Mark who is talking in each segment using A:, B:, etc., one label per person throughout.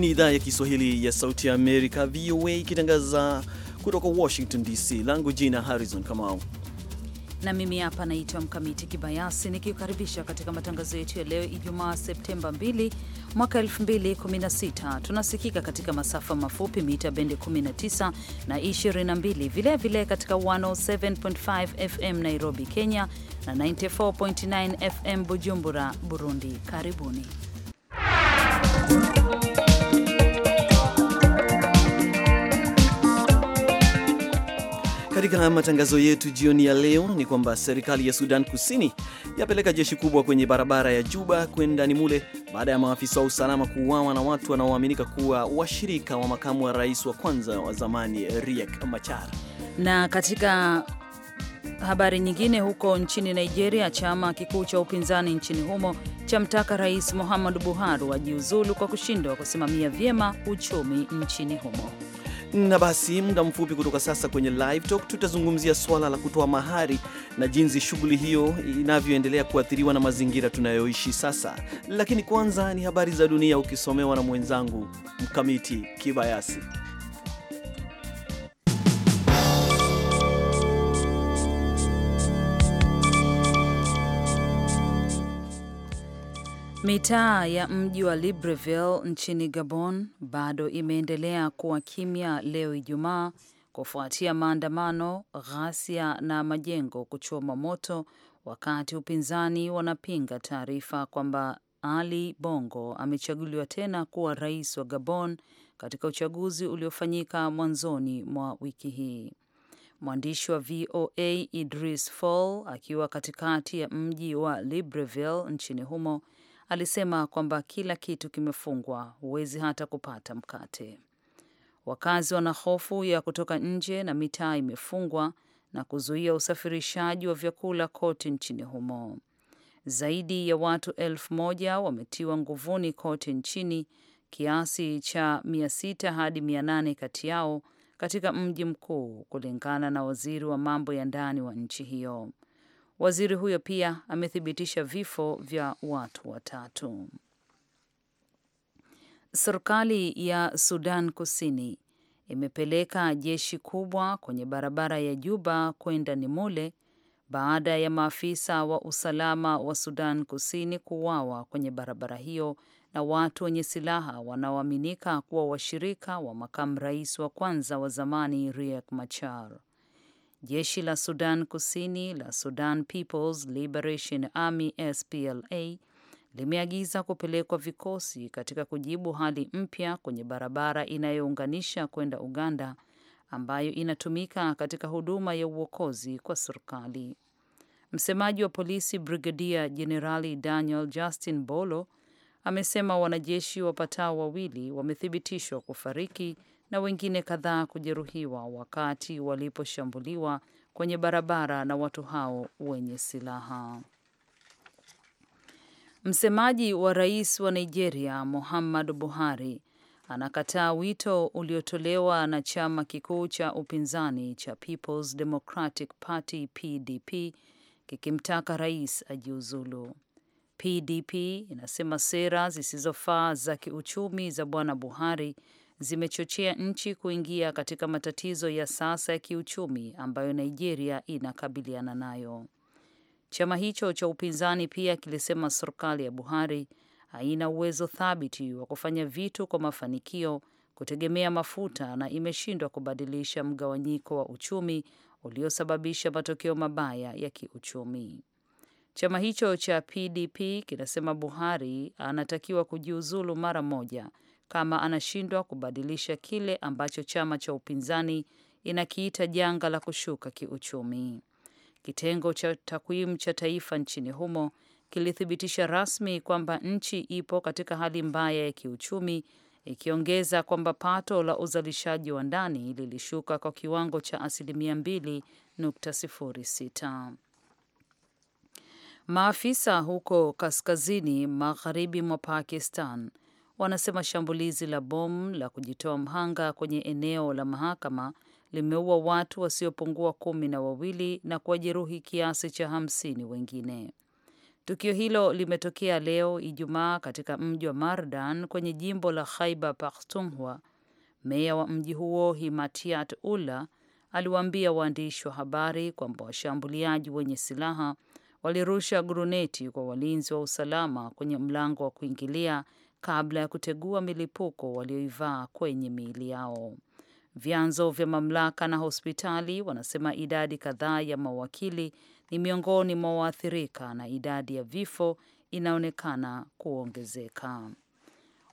A: ni idhaa ya Kiswahili ya Sauti ya Amerika, VOA, ikitangaza kutoka Washington DC. Langu jina Harrison Kamau
B: na mimi hapa naitwa Mkamiti Kibayasi nikiukaribisha katika matangazo yetu ya leo Ijumaa Septemba 2 mwaka 2016. Tunasikika katika masafa mafupi mita bendi 19 na 22, vilevile vile katika 107.5 FM Nairobi, Kenya na 94.9 FM Bujumbura, Burundi. Karibuni
A: Katika matangazo yetu jioni ya leo ni kwamba serikali ya Sudan Kusini yapeleka jeshi kubwa kwenye barabara ya Juba kwenda mule baada ya maafisa wa usalama kuuawa na watu wanaoaminika kuwa washirika wa makamu wa rais wa kwanza wa zamani Riek Machar.
B: Na katika habari nyingine, huko nchini Nigeria, chama kikuu cha upinzani nchini humo chamtaka Rais Muhammadu Buhari wajiuzulu kwa kushindwa kusimamia vyema uchumi nchini humo.
A: Na basi muda mfupi kutoka sasa kwenye live talk tutazungumzia swala la kutoa mahari na jinsi shughuli hiyo inavyoendelea kuathiriwa na mazingira tunayoishi sasa. Lakini kwanza ni habari za dunia ukisomewa na mwenzangu Mkamiti Kibayasi.
B: Mitaa ya mji wa Libreville nchini Gabon bado imeendelea kuwa kimya leo Ijumaa kufuatia maandamano, ghasia na majengo kuchoma moto, wakati upinzani wanapinga taarifa kwamba Ali Bongo amechaguliwa tena kuwa rais wa Gabon katika uchaguzi uliofanyika mwanzoni mwa wiki hii. Mwandishi wa VOA Idris Fall akiwa katikati ya mji wa Libreville nchini humo alisema kwamba kila kitu kimefungwa, huwezi hata kupata mkate. Wakazi wana hofu ya kutoka nje na mitaa imefungwa na kuzuia usafirishaji wa vyakula kote nchini humo. Zaidi ya watu elfu moja wametiwa nguvuni kote nchini, kiasi cha sita hadi nane kati yao katika mji mkuu, kulingana na waziri wa mambo ya ndani wa nchi hiyo. Waziri huyo pia amethibitisha vifo vya watu watatu. Serikali ya Sudan Kusini imepeleka jeshi kubwa kwenye barabara ya Juba kwenda Nimule baada ya maafisa wa usalama wa Sudan Kusini kuuawa kwenye barabara hiyo na watu wenye silaha wanaoaminika kuwa washirika wa makamu rais wa kwanza wa zamani Riek Machar. Jeshi la Sudan Kusini la Sudan People's Liberation Army SPLA limeagiza kupelekwa vikosi katika kujibu hali mpya kwenye barabara inayounganisha kwenda Uganda ambayo inatumika katika huduma ya uokozi kwa serikali. Msemaji wa polisi Brigadia Jenerali Daniel Justin Bolo amesema wanajeshi wapatao wawili wamethibitishwa kufariki na wengine kadhaa kujeruhiwa wakati waliposhambuliwa kwenye barabara na watu hao wenye silaha. Msemaji wa rais wa Nigeria muhammad Buhari anakataa wito uliotolewa na chama kikuu cha upinzani cha Peoples Democratic Party PDP kikimtaka rais ajiuzulu. PDP inasema sera zisizofaa za kiuchumi za bwana Buhari zimechochea nchi kuingia katika matatizo ya sasa ya kiuchumi ambayo Nigeria inakabiliana nayo. Chama hicho cha upinzani pia kilisema serikali ya Buhari haina uwezo thabiti wa kufanya vitu kwa mafanikio kutegemea mafuta na imeshindwa kubadilisha mgawanyiko wa uchumi uliosababisha matokeo mabaya ya kiuchumi. Chama hicho cha PDP kinasema Buhari anatakiwa kujiuzulu mara moja kama anashindwa kubadilisha kile ambacho chama cha upinzani inakiita janga la kushuka kiuchumi. Kitengo cha takwimu cha taifa nchini humo kilithibitisha rasmi kwamba nchi ipo katika hali mbaya ya kiuchumi, ikiongeza kwamba pato la uzalishaji wa ndani lilishuka kwa kiwango cha asilimia 2.06. Maafisa huko kaskazini magharibi mwa Pakistan wanasema shambulizi la bomu la kujitoa mhanga kwenye eneo la mahakama limeua watu wasiopungua kumi na wawili na kuwajeruhi kiasi cha hamsini wengine. Tukio hilo limetokea leo Ijumaa katika mji wa Mardan kwenye jimbo la Khyber Pakhtunkhwa. Meya wa mji huo Himatiat Ula aliwaambia waandishi wa habari kwamba washambuliaji wenye silaha walirusha guruneti kwa walinzi wa usalama kwenye mlango wa kuingilia kabla ya kutegua milipuko walioivaa kwenye miili yao. Vyanzo vya mamlaka na hospitali wanasema idadi kadhaa ya mawakili ni miongoni mwa waathirika na idadi ya vifo inaonekana kuongezeka.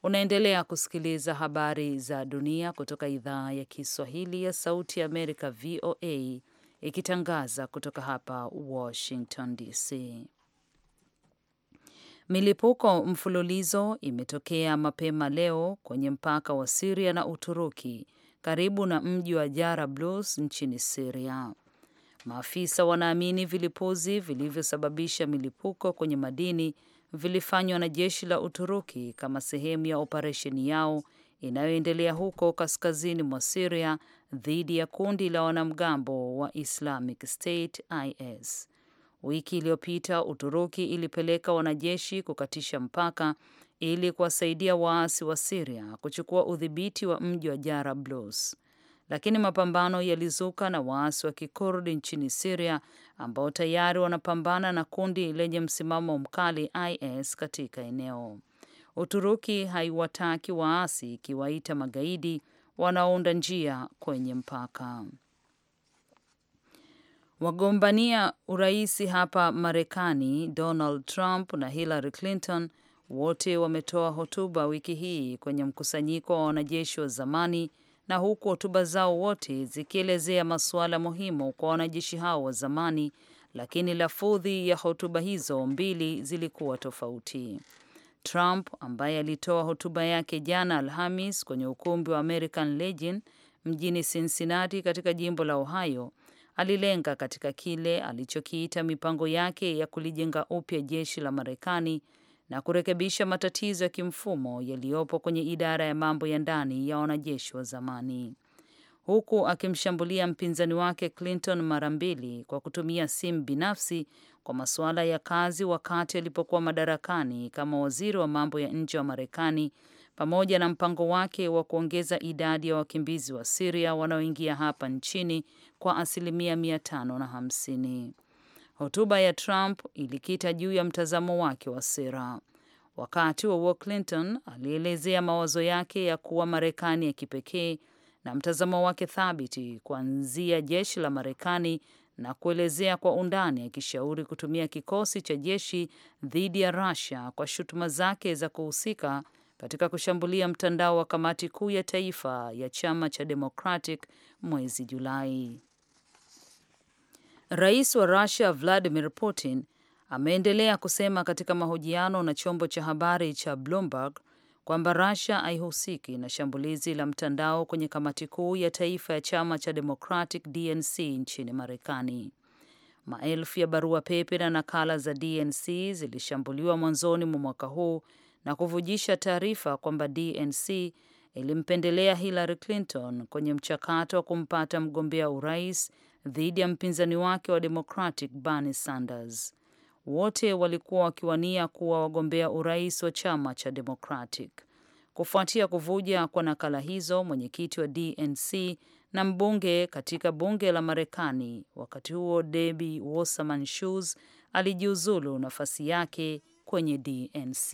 B: Unaendelea kusikiliza habari za dunia kutoka idhaa ya Kiswahili ya Sauti ya Amerika, VOA, ikitangaza kutoka hapa Washington DC. Milipuko mfululizo imetokea mapema leo kwenye mpaka wa Siria na Uturuki karibu na mji wa Jarablus nchini Siria. Maafisa wanaamini vilipuzi vilivyosababisha milipuko kwenye madini vilifanywa na jeshi la Uturuki kama sehemu ya operesheni yao inayoendelea huko kaskazini mwa Siria dhidi ya kundi la wanamgambo wa Islamic State IS. Wiki iliyopita Uturuki ilipeleka wanajeshi kukatisha mpaka ili kuwasaidia waasi wa Siria kuchukua udhibiti wa mji wa Jarablus, lakini mapambano yalizuka na waasi wa Kikurdi nchini Siria ambao tayari wanapambana na kundi lenye msimamo mkali IS katika eneo. Uturuki haiwataki waasi ikiwaita magaidi wanaounda njia kwenye mpaka. Wagombania urais hapa Marekani, Donald Trump na Hillary Clinton wote wametoa hotuba wiki hii kwenye mkusanyiko wa wanajeshi wa zamani, na huku hotuba zao wote zikielezea masuala muhimu kwa wanajeshi hao wa zamani, lakini lafudhi ya hotuba hizo mbili zilikuwa tofauti. Trump ambaye alitoa hotuba yake jana Alhamis kwenye ukumbi wa American Legion mjini Cincinnati katika jimbo la Ohio alilenga katika kile alichokiita mipango yake ya kulijenga upya jeshi la Marekani na kurekebisha matatizo ya kimfumo yaliyopo kwenye idara ya mambo ya ndani ya wanajeshi wa zamani, huku akimshambulia mpinzani wake Clinton mara mbili kwa kutumia simu binafsi kwa masuala ya kazi wakati alipokuwa madarakani kama waziri wa mambo ya nje wa Marekani pamoja na mpango wake wa kuongeza idadi ya wakimbizi wa Siria wanaoingia hapa nchini kwa asilimia mia tano na hamsini. Hotuba ya Trump ilikita juu ya mtazamo wake wa sera. Wakati wa Clinton alielezea mawazo yake ya kuwa Marekani ya kipekee na mtazamo wake thabiti kuanzia jeshi la Marekani na kuelezea kwa undani akishauri kutumia kikosi cha jeshi dhidi ya Russia kwa shutuma zake za kuhusika katika kushambulia mtandao wa kamati kuu ya taifa ya chama cha Democratic mwezi Julai. Rais wa Russia Vladimir Putin ameendelea kusema katika mahojiano na chombo cha habari cha Bloomberg kwamba Russia haihusiki na shambulizi la mtandao kwenye kamati kuu ya taifa ya chama cha Democratic DNC nchini Marekani. Maelfu ya barua pepe na nakala za DNC zilishambuliwa mwanzoni mwa mwaka huu na kuvujisha taarifa kwamba DNC ilimpendelea Hillary Clinton kwenye mchakato wa kumpata mgombea urais dhidi ya mpinzani wake wa Democratic Bernie Sanders. Wote walikuwa wakiwania kuwa wagombea urais wa chama cha Democratic. Kufuatia kuvuja kwa nakala hizo, mwenyekiti wa DNC na mbunge katika bunge la Marekani wakati huo Debbie Wasserman Schultz alijiuzulu nafasi yake kwenye DNC.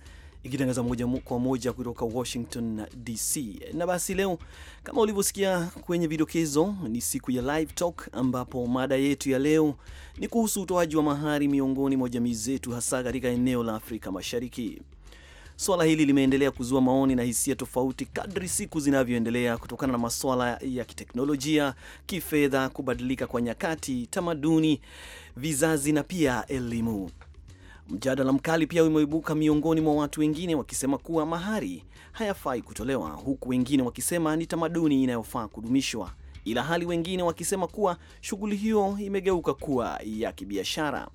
A: ikitangaza moja kwa moja kutoka Washington DC. Na basi leo kama ulivyosikia kwenye vidokezo, ni siku ya live talk, ambapo mada yetu ya leo ni kuhusu utoaji wa mahari miongoni mwa jamii zetu, hasa katika eneo la Afrika Mashariki. Swala hili limeendelea kuzua maoni na hisia tofauti kadri siku zinavyoendelea kutokana na maswala ya kiteknolojia, kifedha, kubadilika kwa nyakati, tamaduni, vizazi na pia elimu. Mjadala mkali pia umeibuka miongoni mwa watu wengine wakisema kuwa mahari hayafai kutolewa, huku wengine wakisema ni tamaduni inayofaa kudumishwa, ila hali wengine wakisema kuwa shughuli hiyo imegeuka kuwa ya kibiashara.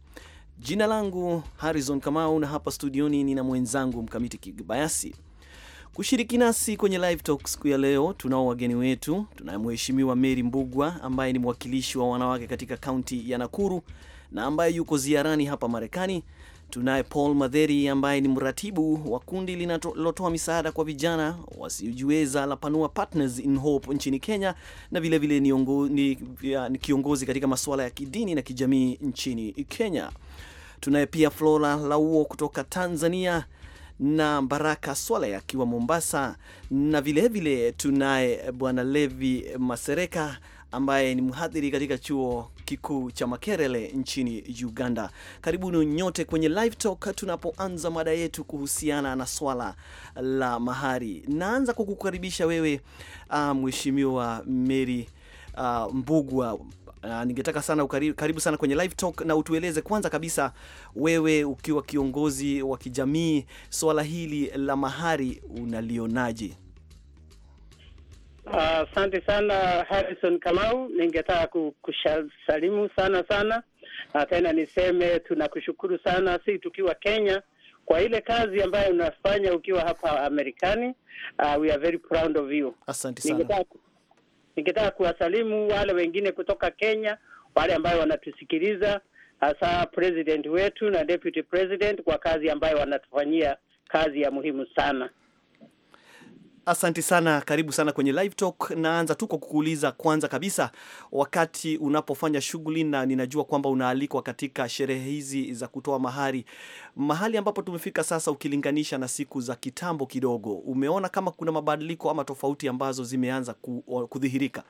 A: Jina langu Harrison Kamau na hapa studioni nina mwenzangu Mkamiti Kibayasi kushiriki nasi kwenye live talk siku ya leo. Tunao wageni wetu, tunaye mheshimiwa Mary Mbugwa ambaye ni mwakilishi wa wanawake katika kaunti ya Nakuru na ambaye yuko ziarani hapa Marekani, Tunaye Paul Madheri ambaye ni mratibu wa kundi linalotoa misaada kwa vijana wasiojiweza la Panua Partners in Hope nchini Kenya, na vilevile ni, ni, ni kiongozi katika masuala ya kidini na kijamii nchini Kenya. Tunaye pia Flora Lauo kutoka Tanzania na Baraka Swale akiwa Mombasa, na vilevile tunaye bwana Levi Masereka ambaye ni mhadhiri katika chuo kikuu cha Makerele nchini Uganda. Karibuni nyote kwenye Live Talk tunapoanza mada yetu kuhusiana na swala la mahari. Naanza kwa kukukaribisha wewe uh, Mheshimiwa Mary uh, Mbugwa. Uh, ningetaka sana karibu, karibu sana kwenye live talk na utueleze kwanza kabisa wewe ukiwa kiongozi wa kijamii swala hili la mahari unalionaje?
C: Asante uh, sana Harrison Kamau, ningetaka kukusalimu sana sana na tena niseme tunakushukuru sana, si tukiwa Kenya kwa ile kazi ambayo unafanya ukiwa hapa Amerikani. Uh, we are very proud of you. Asante sana. Ningetaka kuwasalimu wale wengine kutoka Kenya, wale ambayo wanatusikiliza, hasa president wetu na deputy president kwa kazi ambayo wanatufanyia, kazi ya muhimu sana.
A: Asante sana, karibu sana kwenye live talk. Naanza tu kwa kukuuliza kwanza kabisa, wakati unapofanya shughuli, na ninajua kwamba unaalikwa katika sherehe hizi za kutoa mahari, mahali ambapo tumefika sasa, ukilinganisha na siku za kitambo kidogo, umeona kama kuna mabadiliko ama tofauti ambazo zimeanza kudhihirika?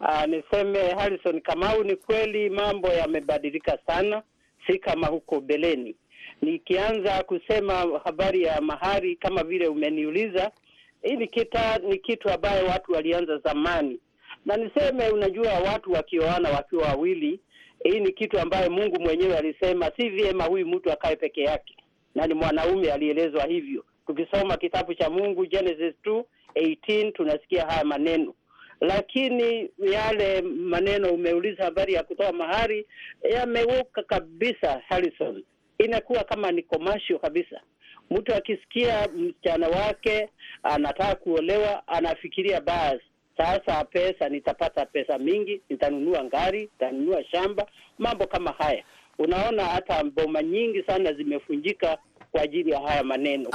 C: Aa, ah, niseme Harrison Kamau, ni kweli mambo yamebadilika sana, si kama huko beleni. Nikianza kusema habari ya mahari kama vile umeniuliza, hii ni kita ni kitu ambayo watu walianza zamani, na niseme, unajua watu wakioana wakiwa wawili, hii ni kitu ambayo Mungu mwenyewe alisema si vyema huyu mtu akae peke yake, na ni mwanaume alielezwa hivyo. Tukisoma kitabu cha Mungu Genesis 2:18 tunasikia haya maneno lakini yale maneno umeuliza habari ya kutoa mahari yameuka kabisa, Harrison, inakuwa kama ni commercial kabisa. Mtu akisikia msichana wake anataka kuolewa, anafikiria basi sasa pesa, nitapata pesa mingi, nitanunua ngari nitanunua shamba, mambo kama haya. Unaona hata boma nyingi sana zimefunjika kwa ajili ya haya maneno.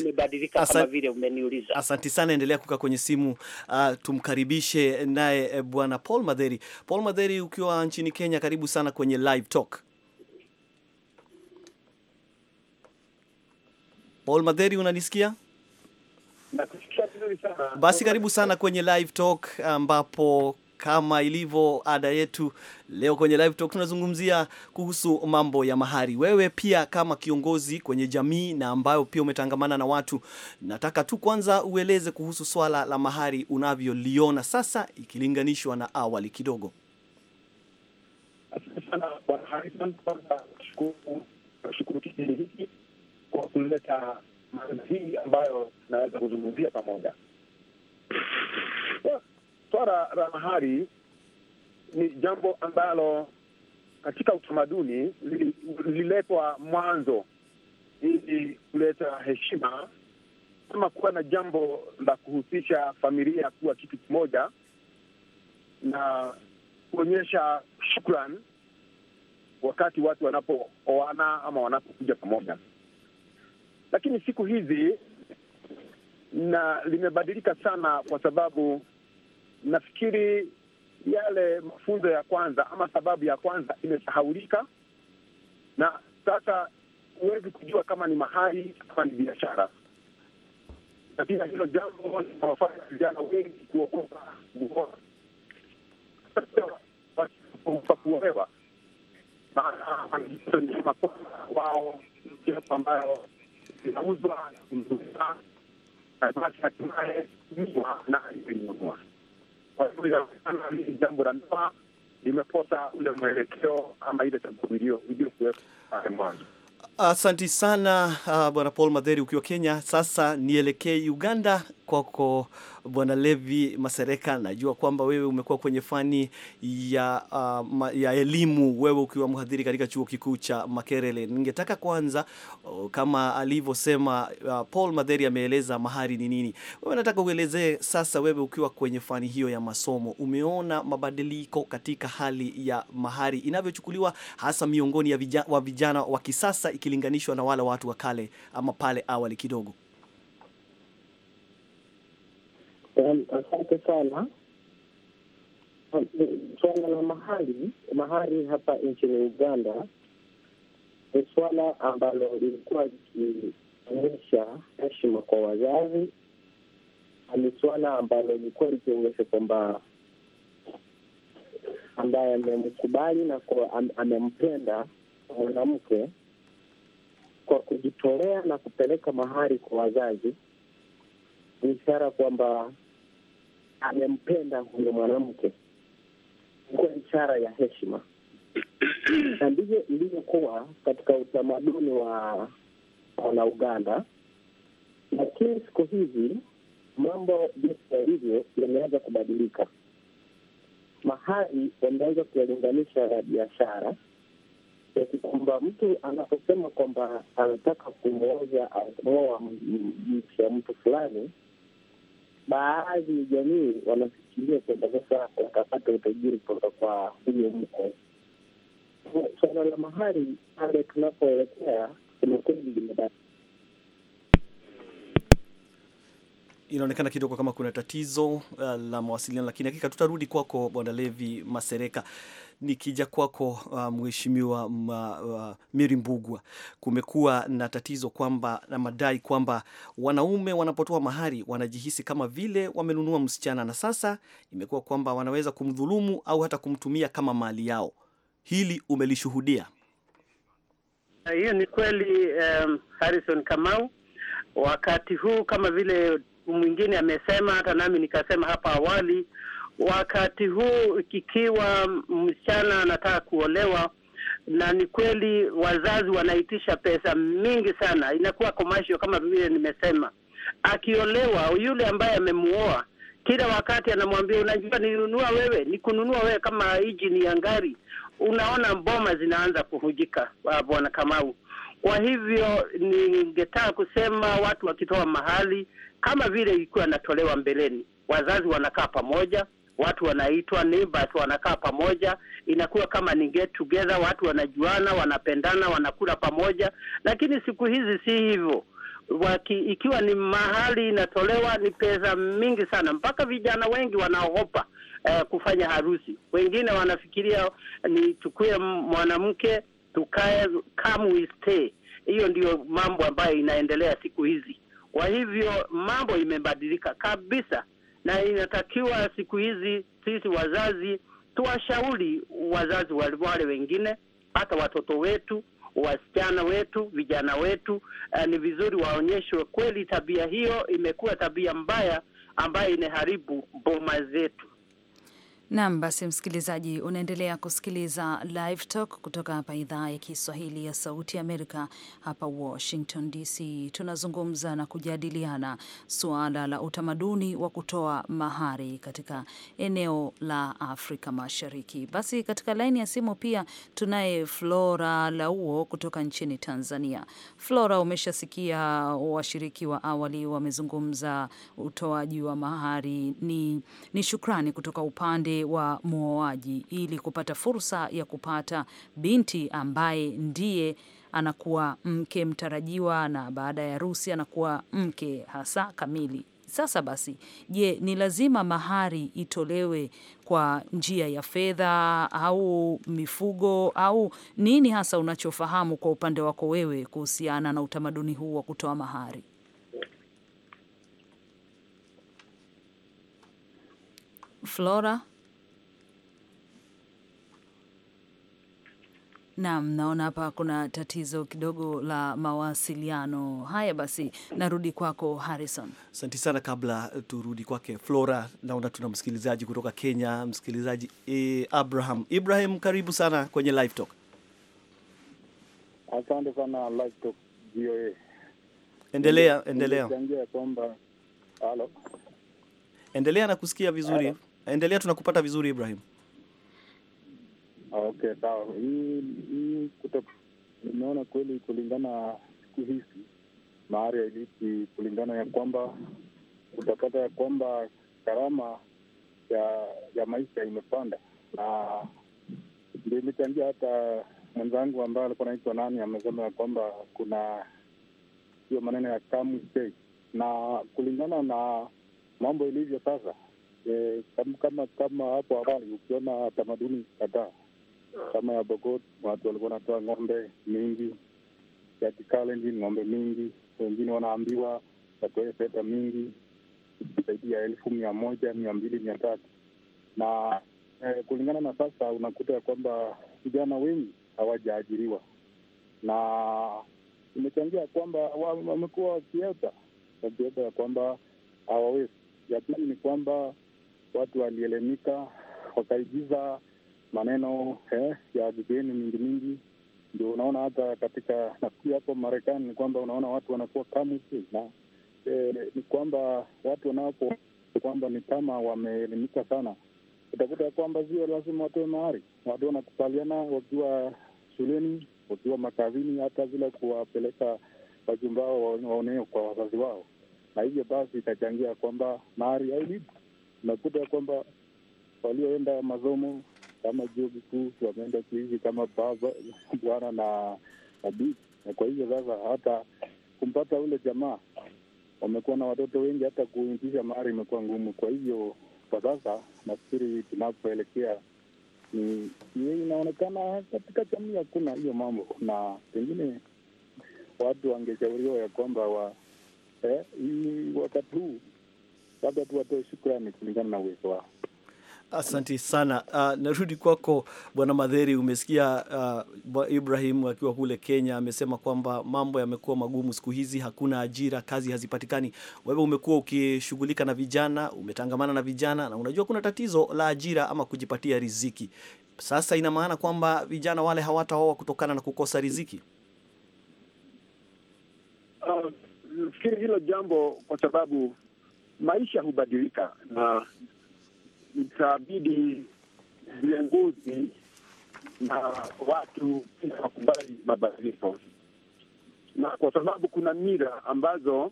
A: Imebadilika kama vile umeniuliza. Asanti sana, endelea kukaa kwenye simu. Uh, tumkaribishe naye eh, bwana Paul Madheri. Paul Madheri, ukiwa nchini Kenya, karibu sana kwenye Live Talk. Paul Madheri, unanisikia? Basi karibu sana kwenye live talk ambapo kama ilivyo ada yetu leo kwenye live talk tunazungumzia kuhusu mambo ya mahari. Wewe pia kama kiongozi kwenye jamii na ambayo pia umetangamana na watu, nataka tu kwanza ueleze kuhusu swala la mahari unavyoliona sasa ikilinganishwa na awali kidogo.
D: Asante sana Bwana Harrison, kwanza shukuru shukuru hiki kwa kuleta maana hii ambayo tunaweza kuzungumzia pamoja. Swala la mahari ni jambo ambalo katika utamaduni lililetwa mwanzo ili kuleta heshima ama kuwa na jambo la kuhusisha familia kuwa kitu kimoja na kuonyesha shukran wakati watu wanapooana ama wanapokuja pamoja. Lakini siku hizi na limebadilika sana, kwa sababu nafikiri yale mafunzo ya kwanza ama sababu ya kwanza imesahaulika, na sasa huwezi kujua kama ni mahali kama ni biashara, na pia hilo jambo linawafanya vijana wengi kuogopa kuolewa, maana wao ambayo zinauzwa kumzuia basi hatimaye na kuinunua. Kwa hivyo inaonekana hili jambo la ndoa limeposa ule mwelekeo ama ile iliyokuwepo pale mwanzo.
A: Asanti sana uh, Bwana Paul Madheri ukiwa Kenya. Sasa nielekee Uganda kwako Bwana Levi Masereka, najua kwamba wewe umekuwa kwenye fani ya, uh, ya elimu, wewe ukiwa mhadhiri katika chuo kikuu cha Makerere. Ningetaka kwanza, uh, kama alivyosema uh, Paul Madheri ameeleza mahari ni nini, wewe nataka uelezee sasa, wewe ukiwa kwenye fani hiyo ya masomo, umeona mabadiliko katika hali ya mahari inavyochukuliwa hasa miongoni ya vijana wa vijana wa kisasa ikilinganishwa na wale watu wa kale ama pale awali kidogo.
E: Asante sana.
D: Um, suala la mahari, mahari hapa nchini Uganda ni suala ambalo lilikuwa likionyesha heshima kwa wazazi, ni suala ambalo lilikuwa likionyesha kwamba ambaye amemkubali na amempenda mwanamke kwa kujitolea na kupeleka mahari kwa wazazi, ni ishara kwamba amempenda huyo mwanamke, kwa ishara ya heshima na ndivyo ilivyokuwa katika utamaduni wa wana Uganda. Lakini siku hizi mambo jinsi yalivyo yameanza
F: kubadilika,
D: mahali wameanza kuyalinganisha ya biashara,
E: yaki kwamba mtu anaposema kwamba anataka kumwoza au kumwoa mke wa mtu fulani baadhi ya jamii wanafikiria kwamba sasa watapata utajiri kutoka kwa huyo mko.
D: Suala la mahari pale tunapoelekea, kuna kweli limebaki
A: inaonekana kidogo kama kuna tatizo uh, la mawasiliano, lakini hakika tutarudi kwako Bwana Levi Masereka. Nikija kwako uh, mheshimiwa uh, Miri Mbugwa, kumekuwa na tatizo kwamba na madai kwamba wanaume wanapotoa mahari wanajihisi kama vile wamenunua msichana, na sasa imekuwa kwamba wanaweza kumdhulumu au hata kumtumia kama mali yao. Hili umelishuhudia?
C: Hiyo ni kweli, um, Harrison Kamau, wakati huu kama vile mwingine amesema, hata nami nikasema hapa awali, wakati huu kikiwa msichana anataka kuolewa na ni kweli wazazi wanaitisha pesa mingi sana, inakuwa komashio kama vile nimesema. Akiolewa yule ambaye amemuoa, kila wakati anamwambia unajua, ninunua wewe, nikununua wewe kama hiji ni ya ngari. Unaona, mboma zinaanza kuhujika, ah, Bwana Kamau. Kwa hivyo ningetaka kusema watu wakitoa mahali kama vile ilikuwa inatolewa mbeleni, wazazi wanakaa pamoja, watu wanaitwa neighbors, wanakaa pamoja, inakuwa kama ni get together, watu wanajuana, wanapendana, wanakula pamoja, lakini siku hizi si hivyo. Waki, ikiwa ni mahali inatolewa ni pesa mingi sana, mpaka vijana wengi wanaogopa eh, kufanya harusi. Wengine wanafikiria nichukue mwanamke tukae come we stay. Hiyo ndiyo mambo ambayo inaendelea siku hizi. Kwa hivyo mambo imebadilika kabisa, na inatakiwa siku hizi sisi wazazi tuwashauri wazazi wale wengine, hata watoto wetu, wasichana wetu, vijana wetu, uh, ni vizuri waonyeshwe kweli tabia hiyo imekuwa tabia mbaya ambayo inaharibu boma zetu.
B: Nam, basi msikilizaji, unaendelea kusikiliza Live Talk kutoka hapa idhaa ya Kiswahili ya Sauti ya Amerika hapa Washington DC. Tunazungumza na kujadiliana suala la utamaduni wa kutoa mahari katika eneo la Afrika Mashariki. Basi katika laini ya simu pia tunaye Flora Lauo kutoka nchini Tanzania. Flora, umeshasikia washiriki wa awali wamezungumza utoaji wa mahari. Ni, ni shukrani kutoka upande wa muoaji ili kupata fursa ya kupata binti ambaye ndiye anakuwa mke mtarajiwa, na baada ya harusi anakuwa mke hasa kamili. Sasa basi, je, ni lazima mahari itolewe kwa njia ya fedha au mifugo au nini hasa unachofahamu kwa upande wako wewe kuhusiana na utamaduni huu wa kutoa mahari? Flora? Naam, naona hapa kuna tatizo kidogo la mawasiliano. Haya basi, narudi kwako Harrison.
A: Asante sana. Kabla turudi kwake Flora, naona tuna msikilizaji kutoka Kenya, msikilizaji eh, Abraham Ibrahim, karibu sana kwenye Live Talk.
E: Asante sana Live Talk VOA.
A: Endelea, endelea, endelea na kusikia vizuri. Endelea, tunakupata vizuri Ibrahim.
E: Ah, okay, sawa. Hii hii nimeona kweli kulingana siku hizi mahari hailipwi, kulingana ya kwamba utapata ya kwamba gharama ya ya maisha imepanda, na ndio imechangia hata mwenzangu ambaye alikuwa anaitwa nani amesema ya kwamba kuna hiyo maneno ya kamu stay, na kulingana na mambo ilivyo sasa e, kama kama hapo awali ukiona tamaduni kadhaa kama ya Bogot, watu walikuwa wanatoa ng'ombe mingi ya kikalenji, ng'ombe mingi, wengine wanaambiwa watoe fedha mingi zaidi ya elfu mia moja mia mbili mia tatu na eh, kulingana na sasa unakuta ya kwamba vijana wengi hawajaajiriwa na imechangia kwamba wamekuwa wakieta wakieta ya kwamba hawawezi. Ya pili ni kwamba watu walielemika wakaigiza maneno eh, ya vigeni mingi mingi, ndio unaona hata katika nafikiri hapo Marekani ni kwamba unaona watu wanakuwa kamu na eh, ni kwamba watu wanapo kwamba ni kama wameelimika sana, utakuta ya kwamba sio lazima watoe mahari, watu wanakubaliana wakiwa shuleni, wakiwa makazini, hata bila kuwapeleka wajumba wao waoneo kwa wazazi wao, na hivyo basi ikachangia kwamba mahari hailipo. Unakuta ya kwamba walioenda masomo kama juo kikuu, wameenda kuishi kama baba bwana na bibi, na kwa hivyo sasa hata kumpata ule jamaa, wamekuwa na watoto wengi, hata kuingisha mahari imekuwa ngumu. Kwa hivyo kwa sasa nafikiri tunapoelekea ni hiyo, inaonekana katika jamii hakuna hiyo mambo, na pengine watu wangeshauriwa ya kwamba wa eh, wakati huu labda tu watoe shukrani kulingana na uwezo wao.
A: Asante sana. Uh, narudi kwako bwana Madheri. Umesikia uh, Ibrahim akiwa kule Kenya amesema kwamba mambo yamekuwa magumu siku hizi, hakuna ajira, kazi hazipatikani. Wewe umekuwa ukishughulika na vijana, umetangamana na vijana na unajua kuna tatizo la ajira ama kujipatia riziki. Sasa ina maana kwamba vijana wale hawataoa kutokana na kukosa riziki.
F: Ah,
D: nafikiri uh, hilo jambo kwa sababu maisha hubadilika na itabidi viongozi na watu pia wakubali mabadiliko, na kwa sababu kuna mira ambazo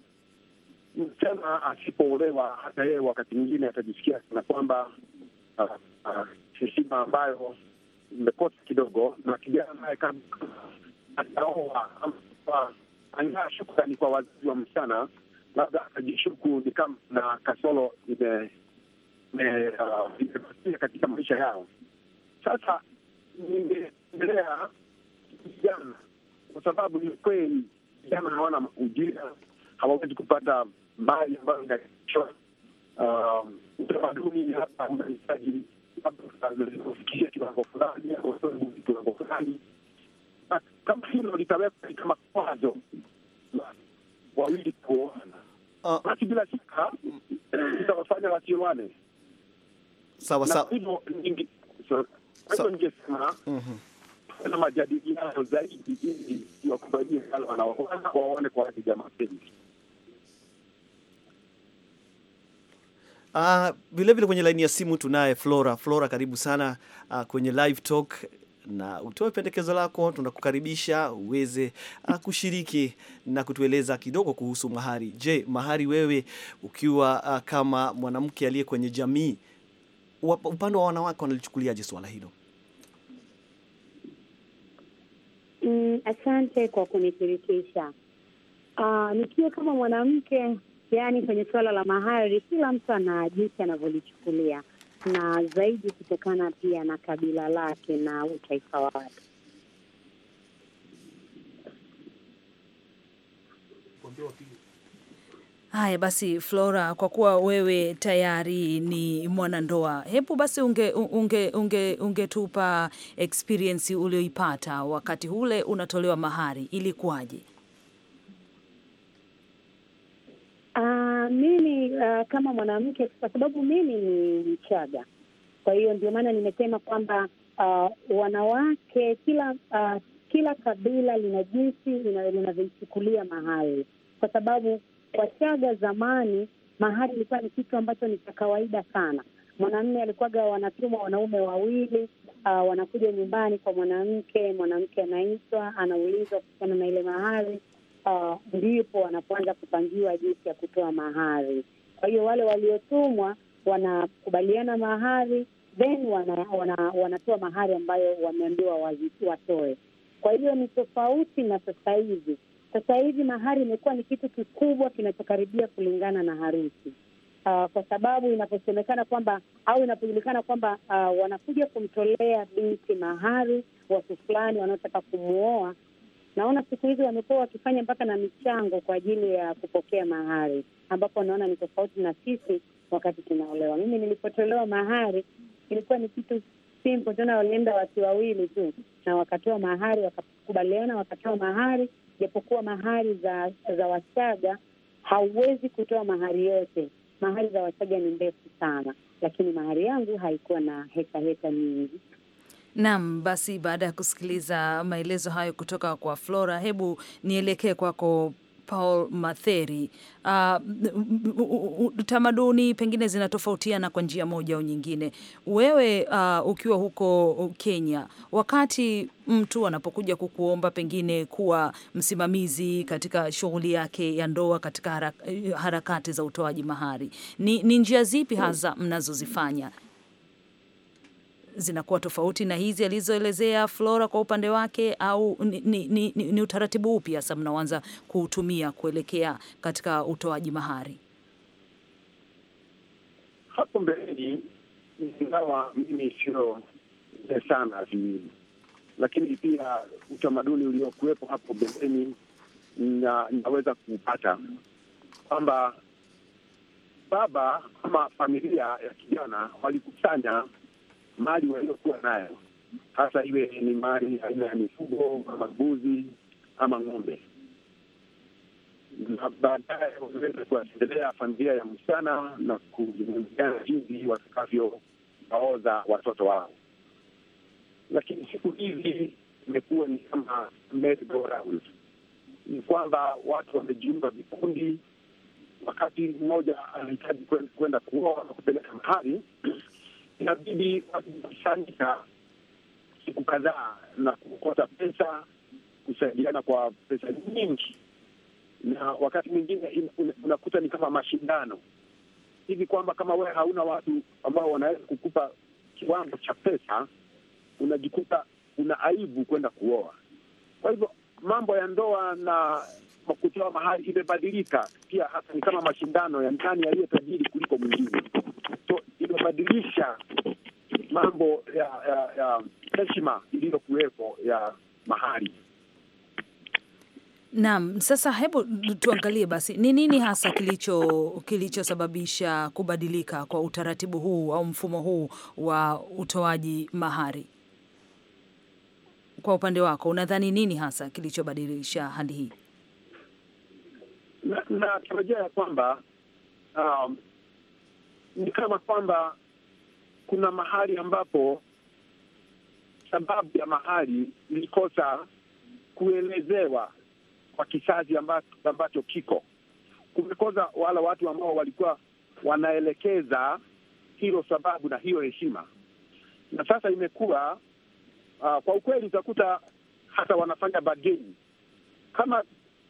D: msichana asipoolewa, hata yeye wakati mwingine atajisikia kana kwamba ah, ah, heshima uh, uh, ambayo imekosa kidogo, na kijana naye kama ataoa angaa shukrani kwa wazazi wa msichana, labda atajishuku ni kama na kasoro ime imepatia uh, katika maisha yao. Sasa nimetembelea vijana kwa sababu ni kweli vijana hawana ujira, hawawezi kupata mali ambayo inaishwa. Um, utamaduni hapa unahitaji kufikisha kiwango fulani, kiwango fulani. Kama hilo litawekwa katika makwazo wawili kuoana, ah. basi bila shaka eh, itawafanya wasioane sawa sawa. Ningesema mhm. na majadiliano zaidi ili wakubalie wale wanaoona waone kwa ajili ya mapenzi. Vilevile
A: ah, vile vile kwenye laini ya simu tunaye Flora. Flora, karibu sana uh, kwenye live talk na utoe pendekezo lako, tunakukaribisha uweze uh, kushiriki na kutueleza kidogo kuhusu mahari. Je, mahari wewe ukiwa uh, kama mwanamke aliye kwenye jamii upande wa wanawake wanalichukuliaje swala hilo?
G: Mm, asante kwa kunishirikisha. Uh, ah, nikiwa kama mwanamke, yani kwenye suala la mahari, kila mtu ana jinsi anavyolichukulia, na zaidi kutokana pia na kabila lake na utaifa wake.
B: Haya basi, Flora, kwa kuwa wewe tayari ni mwanandoa, hebu basi ungetupa unge, unge, unge experience ulioipata wakati ule unatolewa mahari, ilikuwaje?
G: Uh, mimi uh, kama mwanamke, kwa sababu mimi ni Mchaga, kwa hiyo ndio maana nimesema kwamba uh, wanawake kila uh, kila kabila lina jinsi linavyoichukulia mahari, kwa sababu Wachaga zamani mahari ilikuwa ni kitu ambacho ni cha kawaida sana. mwanamme alikuwaga wanatumwa wanaume wawili, uh, wanakuja nyumbani kwa mwanamke, mwanamke anaitwa, anaulizwa kuhusiana na ile mahari, ah, ndipo uh, wanapoanza kupangiwa jinsi ya kutoa mahari. Kwa hiyo wale waliotumwa wanakubaliana mahari, then wana, wana, wanatoa mahari ambayo wameambiwa watoe. Kwa hiyo ni tofauti na sasa hivi sasa hivi mahari imekuwa ni kitu kikubwa kinachokaribia kulingana na harusi. Uh, kwa sababu inaposemekana kwamba au inapojulikana kwamba uh, wanakuja kumtolea binti mahari watu fulani wanaotaka kumwoa, naona siku hizi wamekuwa wakifanya mpaka na michango kwa ajili ya kupokea mahari, ambapo naona ni tofauti na sisi wakati tunaolewa. Mimi nilipotolewa mahari ilikuwa ni kitu simple, tena walienda watu wawili tu na wakatoa mahari, wakakubaliana, wakatoa mahari japokuwa mahari za za Wachaga hauwezi kutoa mahari yote. Mahari za Wachaga ni ndefu sana, lakini mahari yangu haikuwa na heka heka nyingi.
B: Naam, basi baada ya kusikiliza maelezo hayo kutoka kwa Flora, hebu nielekee kwako Paul Matheri, uh, tamaduni pengine zinatofautiana kwa njia moja au nyingine. Wewe uh, ukiwa huko Kenya, wakati mtu anapokuja kukuomba pengine kuwa msimamizi katika shughuli yake ya ndoa katika harakati za utoaji mahari, ni, ni njia zipi hasa mnazozifanya zinakuwa tofauti na hizi alizoelezea Flora kwa upande wake, au ni, ni, ni, ni utaratibu upi hasa mnaanza kuutumia kuelekea katika utoaji mahari?
D: Hapo mbeleni, ingawa mimi sio e sana viwili, lakini pia utamaduni uliokuwepo hapo mbeleni na naweza kupata kwamba baba ama familia ya kijana walikusanya mali waliokuwa nayo, hasa iwe ni mali aina ya mifugo ama mbuzi ama ng'ombe, na baadaye wameweza kuwatembelea familia ya msichana na kuzungumziana jinsi watakavyowaoza watoto wao. Lakini siku hizi imekuwa ni kama merry-go-round, ni kwamba watu wamejiunga vikundi. Wakati mmoja anahitaji kwenda kuoa na kupeleka mahali inabidi wakusanyika siku kadhaa na kukota pesa, kusaidiana kwa pesa nyingi, na wakati mwingine unakuta ni kama mashindano hivi kwamba kama wewe hauna watu ambao wanaweza kukupa kiwango cha pesa, unajikuta una aibu kwenda kuoa. Kwa hivyo mambo ya ndoa na kutoa mahali imebadilika pia, hata ni kama mashindano ya nani yaliyo tajiri kuliko mwingine kurekebisha mambo ya ya heshima iliyokuwepo ya
F: mahali.
B: Naam, sasa hebu tuangalie basi ni nini hasa kilicho kilichosababisha kubadilika kwa utaratibu huu au mfumo huu wa utoaji mahari. Kwa upande wako unadhani nini hasa kilichobadilisha hali hii?
D: Natarajia na, ya kwamba um, ni kama kwamba kuna mahali ambapo sababu ya mahali ilikosa kuelezewa kwa kizazi ambacho kiko, kumekosa wala watu ambao walikuwa wanaelekeza hilo sababu na hiyo heshima, na sasa imekuwa uh, kwa ukweli utakuta hata wanafanya bageni kama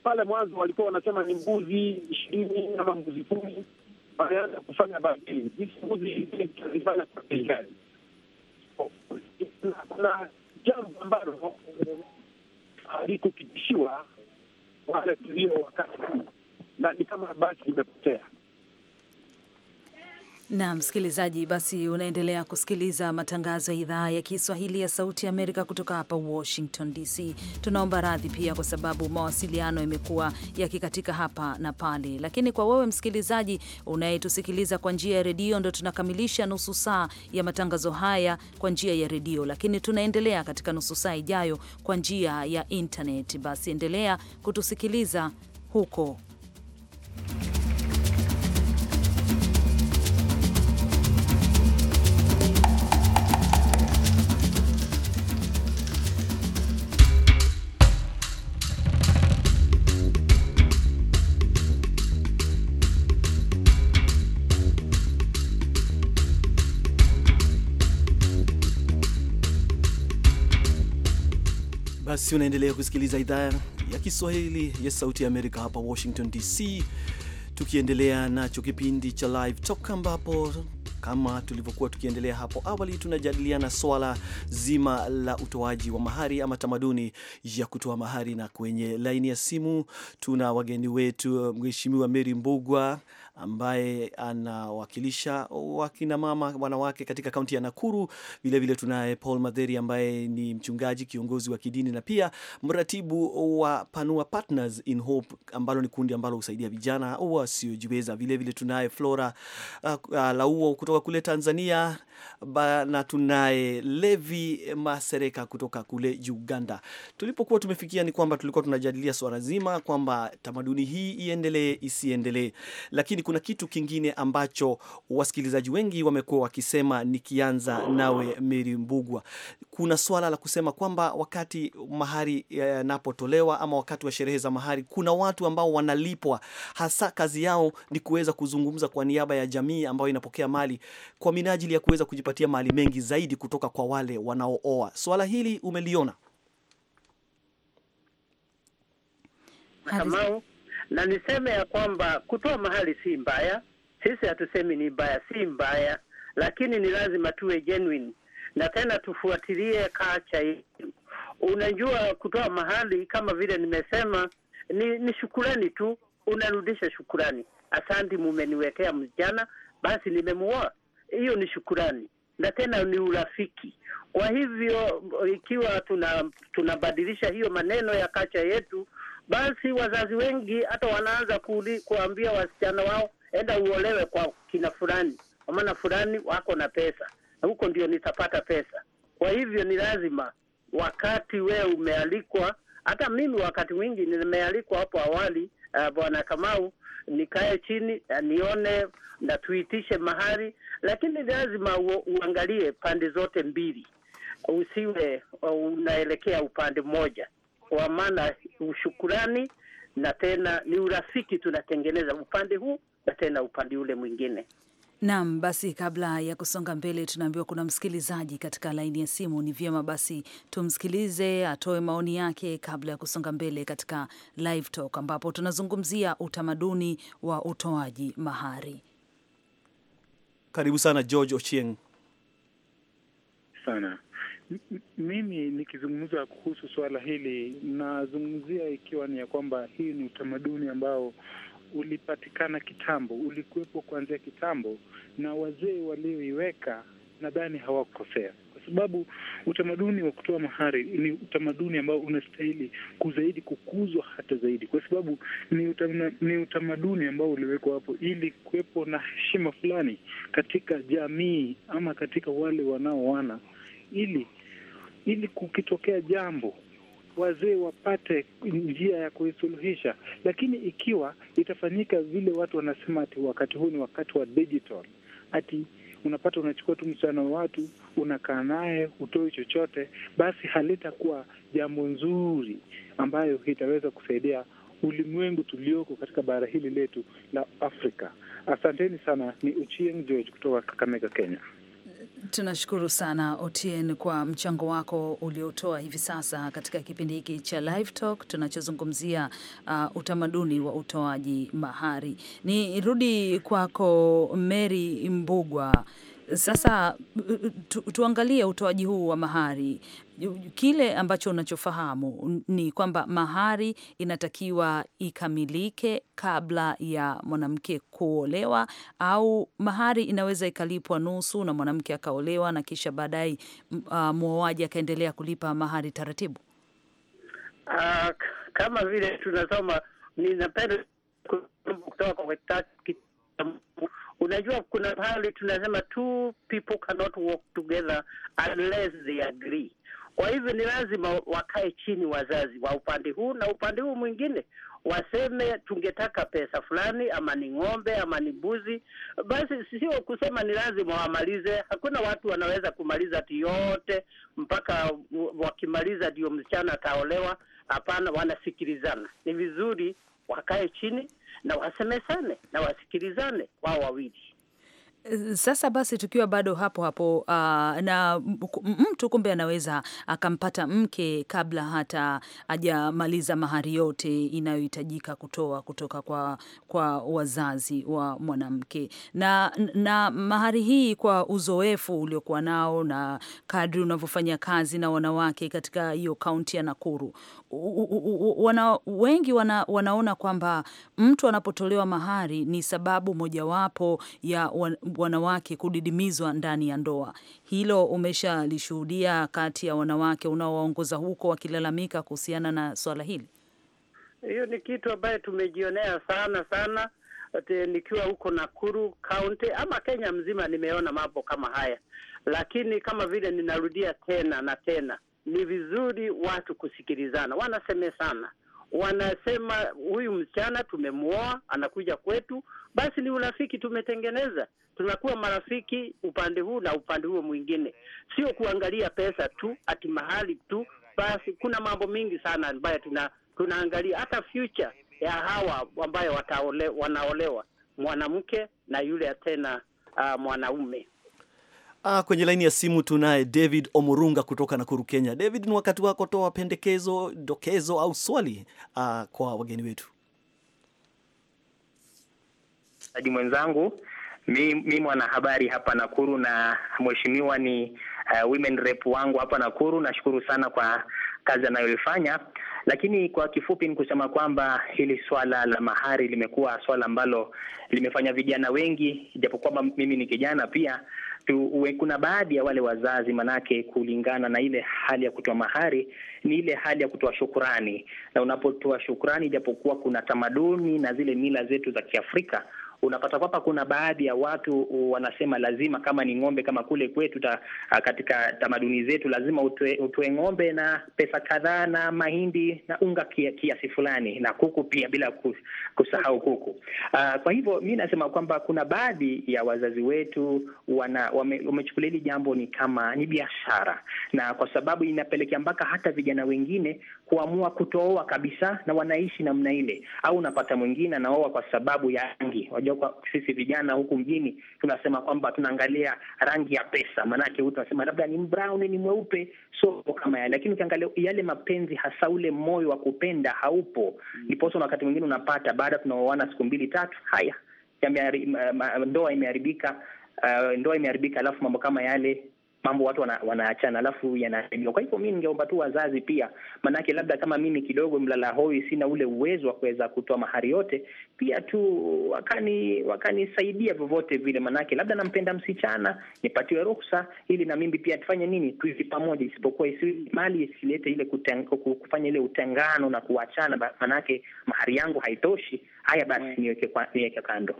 D: pale mwanzo walikuwa wanasema ni mbuzi ishirini ama mbuzi kumi wanaweza kufanya badili vifunguzi ingine Kuna jambo ambalo halikupitishiwa wale tulio wakati huu, na ni kama basi limepotea.
B: Na msikilizaji, basi unaendelea kusikiliza matangazo ya idhaa ya Kiswahili ya Sauti ya Amerika kutoka hapa Washington DC. Tunaomba radhi pia kwa sababu mawasiliano yamekuwa yakikatika hapa na pale, lakini kwa wewe msikilizaji unayetusikiliza kwa njia ya redio, ndo tunakamilisha nusu saa ya matangazo haya kwa njia ya redio, lakini tunaendelea katika nusu saa ijayo kwa njia ya internet. Basi endelea kutusikiliza huko.
A: basi unaendelea kusikiliza idhaa ya Kiswahili ya Sauti ya Amerika hapa Washington DC, tukiendelea nacho kipindi cha Live Talk ambapo kama tulivyokuwa tukiendelea hapo awali, tunajadiliana swala zima la utoaji wa mahari ama tamaduni ya kutoa mahari, na kwenye laini ya simu tuna wageni wetu Mheshimiwa Meri Mbugwa ambaye anawakilisha wakinamama wanawake katika kaunti ya Nakuru. Vilevile tunaye Paul Madheri ambaye ni mchungaji kiongozi wa kidini na pia mratibu wa Panua Partners in Hope ambalo ni kundi ambalo husaidia vijana wasiojiweza. Vilevile tunaye Flora uh, uh, Lauo kutoka kule Tanzania ba, na tunaye Levi Masereka kutoka kule Uganda. Tulipokuwa tumefikia ni kwamba tulikuwa tunajadilia swala zima kwamba tamaduni hii iendelee isiendelee, lakini kuna kitu kingine ambacho wasikilizaji wengi wamekuwa wakisema, nikianza nawe Meri Mbugwa, kuna swala la kusema kwamba wakati mahari eh, yanapotolewa ama wakati wa sherehe za mahari, kuna watu ambao wanalipwa, hasa kazi yao ni kuweza kuzungumza kwa niaba ya jamii ambayo inapokea mali kwa minajili ya kuweza kujipatia mali mengi zaidi kutoka kwa wale wanaooa. Swala hili umeliona
C: Kamau? na niseme ya kwamba kutoa mahali si mbaya, sisi hatusemi ni mbaya, si mbaya, lakini ni lazima tuwe genuine na tena tufuatilie kacha yetu. Unajua, kutoa mahali kama vile nimesema ni, ni shukurani tu, unarudisha shukurani. asanti mumeniwekea mjana, basi nimemuoa. Hiyo ni shukurani na tena ni urafiki. Kwa hivyo ikiwa tuna tunabadilisha hiyo maneno ya kacha yetu, basi wazazi wengi hata wanaanza kuuli, kuambia wasichana wao, enda uolewe kwa kina fulani, kwa maana fulani wako na pesa na huko ndio nitapata pesa. Kwa hivyo ni lazima wakati wewe umealikwa, hata mimi wakati mwingi nimealikwa hapo awali, uh, bwana Kamau, nikae chini uh, nione na tuitishe mahali, lakini lazima uangalie pande zote mbili, usiwe eh, unaelekea upande mmoja kwa maana ushukurani na tena ni urafiki tunatengeneza upande huu na tena upande ule mwingine.
B: Naam, basi kabla ya kusonga mbele, tunaambiwa kuna msikilizaji katika laini ya simu. Ni vyema basi tumsikilize atoe maoni yake kabla ya kusonga mbele katika live talk, ambapo tunazungumzia utamaduni wa utoaji mahari.
A: Karibu sana George Ochieng sana
H: mimi nikizungumza kuhusu suala hili nazungumzia ikiwa ni ya kwamba hii ni utamaduni ambao ulipatikana kitambo, ulikuwepo kuanzia kitambo, na wazee walioiweka nadhani hawakukosea, kwa sababu utamaduni wa kutoa mahari ni utamaduni ambao unastahili kuzaidi kukuzwa hata zaidi, kwa sababu ni, utama, ni utamaduni ambao uliwekwa hapo ili kuwepo na heshima fulani katika jamii ama katika wale wanaoana ili ili kukitokea jambo wazee wapate njia ya kuisuluhisha. Lakini ikiwa itafanyika vile watu wanasema ati wakati huu ni wakati wa digital, ati unapata unachukua tu msichana wa watu unakaa naye, utoi chochote, basi halitakuwa jambo nzuri ambayo itaweza kusaidia ulimwengu tulioko katika bara hili letu la Afrika. Asanteni sana. Ni Uchieng George kutoka Kakamega, Kenya.
B: Tunashukuru sana Otien kwa mchango wako uliotoa hivi sasa katika kipindi hiki cha Live Talk tunachozungumzia uh, utamaduni wa utoaji mahari. Ni rudi kwako Mary Mbugwa. Sasa tu, tuangalie utoaji huu wa mahari. Kile ambacho unachofahamu ni kwamba mahari inatakiwa ikamilike kabla ya mwanamke kuolewa, au mahari inaweza ikalipwa nusu na mwanamke akaolewa na kisha baadaye uh, mwoaji akaendelea kulipa mahari taratibu.
C: Uh, kama vile tunasoma ninapenda kutoka kwa Unajua, kuna pale tunasema two people cannot walk together unless they agree. Kwa hivyo ni lazima wakae chini, wazazi wa upande huu na upande huu mwingine, waseme tungetaka pesa fulani, ama ni ng'ombe ama ni mbuzi. Basi sio kusema ni lazima wamalize. Hakuna watu wanaweza kumaliza ati yote mpaka wakimaliza ndio msichana ataolewa. Hapana, wanasikilizana. Ni vizuri wakae chini na wasemesane na wasikilizane wao wawili.
B: Sasa basi tukiwa bado hapo hapo, uh, na mtu kumbe anaweza akampata mke kabla hata ajamaliza mahari yote inayohitajika kutoa kutoka kwa, kwa wazazi wa mwanamke na, na mahari hii, kwa uzoefu uliokuwa nao na kadri unavyofanya kazi na wanawake katika hiyo kaunti ya Nakuru, wana, wengi wana, wanaona kwamba mtu anapotolewa mahari ni sababu mojawapo ya wanawake kudidimizwa ndani ya ndoa. Hilo umeshalishuhudia kati ya wanawake unaowaongoza huko wakilalamika kuhusiana na swala hili?
C: Hiyo ni kitu ambayo tumejionea sana sana nikiwa huko Nakuru County ama Kenya mzima, nimeona mambo kama haya, lakini kama vile ninarudia tena na tena, ni vizuri watu kusikilizana, wanasemesana, wanasema huyu msichana tumemwoa, anakuja kwetu, basi ni urafiki tumetengeneza, tunakuwa marafiki upande huu na upande huo mwingine, sio kuangalia pesa tu ati mahali tu. Basi kuna mambo mingi sana ambayo tuna tunaangalia hata future ya hawa ambayo wataole, wanaolewa mwanamke na yule tena uh, mwanaume
A: Ah, kwenye laini ya simu tunaye David Omurunga kutoka Nakuru, Kenya. David, ni wakati wako, toa pendekezo, dokezo au swali ah, kwa wageni wetu.
I: Aji mwenzangu, mi, mi mwanahabari hapa Nakuru na mheshimiwa ni uh, women rep wangu hapa Nakuru. Nashukuru sana kwa kazi anayoifanya, lakini kwa kifupi ni kusema kwamba hili swala la mahari limekuwa swala ambalo limefanya vijana wengi, ijapokuwa mimi ni kijana pia tu, kuna baadhi ya wale wazazi manake, kulingana na ile hali ya kutoa mahari ni ile hali ya kutoa shukurani, na unapotoa shukurani, ijapokuwa kuna tamaduni na zile mila zetu za Kiafrika unapata kwamba kuna baadhi ya watu wanasema lazima, kama ni ng'ombe, kama kule kwetu ta, katika tamaduni zetu lazima utoe, utoe ng'ombe na pesa kadhaa na mahindi na unga kiasi kia fulani na kuku pia, bila kusahau kuku. uh, kwa hivyo mi nasema kwamba kuna baadhi ya wazazi wetu wana wamechukulia hili jambo ni kama ni biashara, na kwa sababu inapelekea mpaka hata vijana wengine kuamua kutooa kabisa, na wanaishi namna ile, au unapata mwingine anaoa kwa sababu ya rangi. Wajua kwa sisi vijana huku mjini tunasema kwamba tunaangalia rangi ya pesa, maanake huyu tunasema labda ni brown, ni mweupe, so kama yale. Lakini ukiangalia yale mapenzi, hasa ule moyo wa kupenda haupo, mm. ndiposa mm. wakati mwingine unapata baada tunaoana siku mbili tatu, haya uh, ndoa imeharibika, uh, ndoa imeharibika, alafu mambo kama yale mambo watu wana, wanaachana alafu yanasaidiwa. Kwa hivyo mi ningeomba tu wazazi pia, maanake labda kama mimi kidogo mlala hoi, sina ule uwezo wa kuweza kutoa mahari yote, pia tu wakani wakanisaidia vyovyote vile, maanake labda nampenda msichana, nipatiwe ruhusa ili na mimi pia tufanye nini, tuishi pamoja, isipokuwa isi mali isilete ile kufanya ile utengano na kuachana, maanake mahari yangu haitoshi. Haya basi niweke niweke
A: kando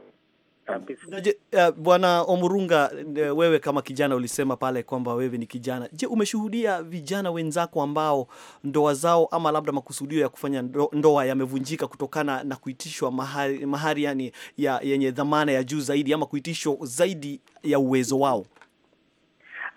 A: uh, bwana Omurunga, eh, wewe kama kijana ulisema pale kwamba wewe ni kijana. Je, umeshuhudia vijana wenzako ambao ndoa zao ama labda makusudio ya kufanya ndoa yamevunjika kutokana na kuitishwa mahari, mahari yani ya yenye dhamana ya juu zaidi ama kuitishwa zaidi ya uwezo wao?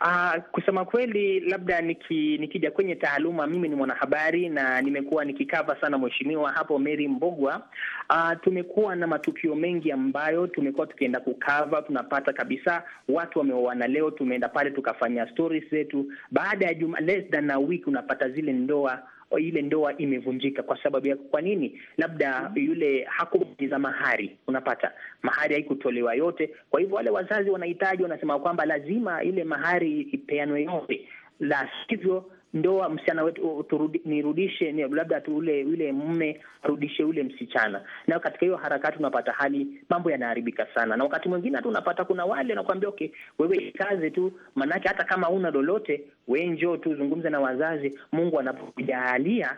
I: Uh, kusema kweli, labda niki, nikija kwenye taaluma, mimi ni mwanahabari na nimekuwa nikikava sana mheshimiwa hapo Mary Mbogwa. Uh, tumekuwa na matukio mengi ambayo tumekuwa tukienda kukava, tunapata kabisa watu wameoana leo, tumeenda pale tukafanya stories zetu, baada ya juma less than a week unapata zile ndoa ile ndoa imevunjika kwa sababu ya kwa nini? Labda yule hakumaliza mahari, unapata mahari haikutolewa yote. Kwa hivyo wale wazazi wanahitaji, wanasema kwamba lazima ile mahari ipeanwe yote, la sivyo ndoa msichana wetu nirudishe ni labda tu ule ule mme arudishe ule msichana, na katika hiyo harakati unapata hali mambo yanaharibika sana, na wakati mwingine hata unapata kuna wale wanakuambia okay, wewe ikaze tu, maanake hata kama una lolote we njoo tu zungumze na wazazi, Mungu anapokujalia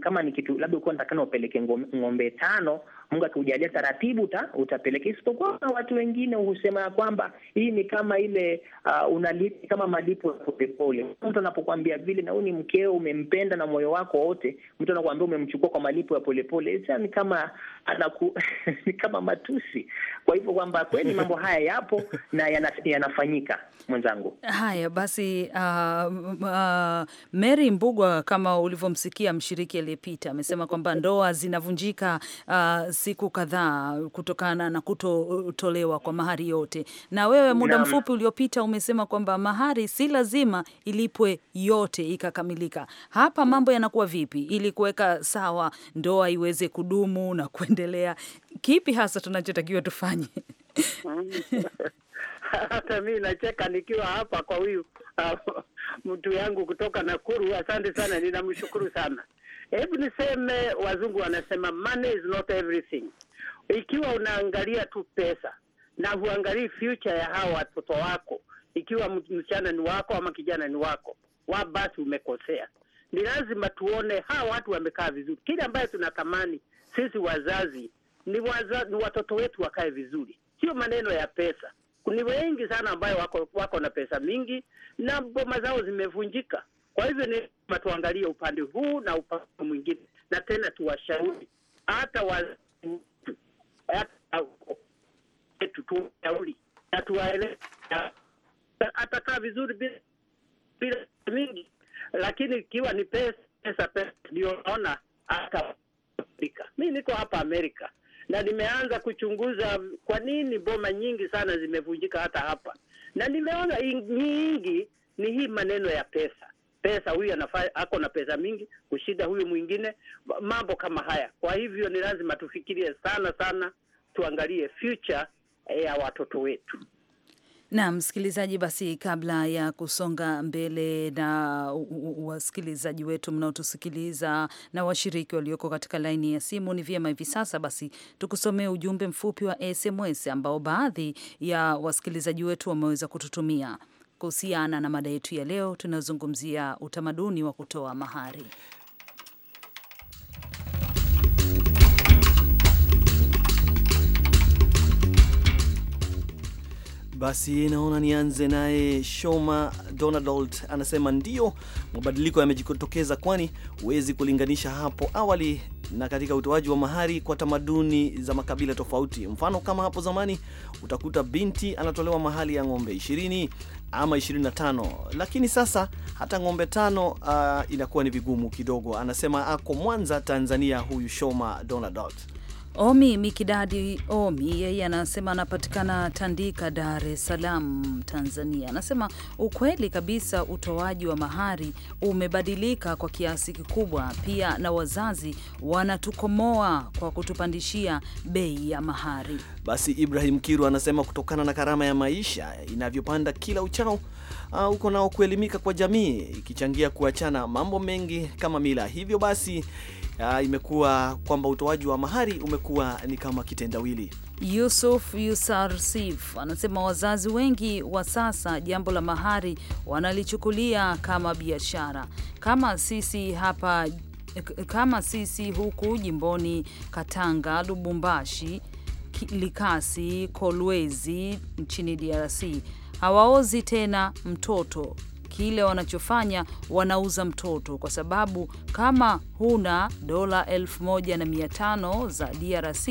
I: kama ni kitu labda ulikuwa unatakana upeleke ng'ombe tano Mungu akiujalia taratibu ta utapeleka, isipokuwa watu wengine husema ya kwamba hii ni kama ile uh, unalipa kama malipo ya polepole. Mtu anapokuambia vile, na huyu ni mkeo, umempenda na moyo wako wote, mtu anakuambia umemchukua kwa malipo ya polepole, ni kama anaku ni kama matusi. Kwa hivyo kwamba kweli mambo haya yapo na yana, yanafanyika mwenzangu.
B: Haya basi, uh, uh, Mary Mbugwa kama ulivyomsikia mshiriki aliyepita amesema kwamba ndoa zinavunjika uh, siku kadhaa kutokana na kutotolewa kwa mahari yote, na wewe muda na mfupi uliopita umesema kwamba mahari si lazima ilipwe yote ikakamilika. Hapa mm. mambo yanakuwa vipi ili kuweka sawa ndoa iweze kudumu na kwenda kinaendelea, kipi hasa tunachotakiwa tufanye?
C: Hata mi nacheka nikiwa hapa kwa huyu uh, mtu yangu kutoka Nakuru. Asante sana, ninamshukuru sana. Hebu niseme, wazungu wanasema money is not everything. Ikiwa unaangalia tu pesa na huangalii future ya hawa watoto wako, ikiwa msichana ni wako ama kijana ni wako wa, basi umekosea. Ni lazima tuone hawa watu wamekaa vizuri. Kile ambayo tunatamani sisi wazazi ni, waza, ni watoto wetu wakae vizuri, sio maneno ya pesa. Ni wengi sana ambayo wako, wako na pesa mingi na boma zao zimevunjika. Kwa hivyo ni tuangalie upande huu na upande mwingine, na tena tuwashauri hata wetu tuwashauri na tuwaeleze, atakaa vizuri bila, bila mingi, lakini ikiwa ni pesa pesa pesa, ndio naona hata Afrika. Mi niko hapa Amerika na nimeanza kuchunguza kwa nini boma nyingi sana zimevunjika hata hapa, na nimeona nyingi ni hii maneno ya pesa pesa. Huyu anafaa ako na pesa mingi kushinda huyu mwingine, mambo kama haya. Kwa hivyo ni lazima tufikirie sana sana, tuangalie future eh, ya watoto wetu.
B: Na msikilizaji, basi kabla ya kusonga mbele na wasikilizaji wetu mnaotusikiliza na washiriki walioko katika laini ya simu, ni vyema hivi sasa basi tukusomee ujumbe mfupi wa SMS ambao baadhi ya wasikilizaji wetu wameweza kututumia kuhusiana na mada yetu ya leo. Tunazungumzia utamaduni wa kutoa mahari.
A: Basi naona nianze naye Shoma Donald anasema ndio mabadiliko yamejitokeza, kwani huwezi kulinganisha hapo awali na katika utoaji wa mahari kwa tamaduni za makabila tofauti. Mfano kama hapo zamani utakuta binti anatolewa mahali ya ng'ombe 20 ama 25, lakini sasa hata ng'ombe tano, uh, inakuwa ni vigumu kidogo. Anasema ako Mwanza, Tanzania, huyu Shoma Donald.
B: Omi Mikidadi Omi yeye anasema anapatikana Tandika, Dar es Salaam, Tanzania. Anasema ukweli kabisa, utoaji wa mahari umebadilika kwa kiasi kikubwa, pia na wazazi wanatukomoa kwa kutupandishia bei ya mahari.
A: Basi Ibrahim Kiru anasema kutokana na gharama ya maisha inavyopanda kila uchao, uh, nao kuelimika kwa jamii ikichangia kuachana mambo mengi kama mila, hivyo basi uh, imekuwa kwamba utoaji wa mahari umekuwa ni kama kitendawili.
B: Yusuf Yusarsif anasema wazazi wengi wa sasa jambo la mahari wanalichukulia kama biashara, kama sisi hapa, kama sisi huku jimboni Katanga, Lubumbashi, Likasi, Kolwezi nchini DRC hawaozi tena mtoto. Kile wanachofanya wanauza mtoto, kwa sababu kama huna dola elfu moja na mia tano za DRC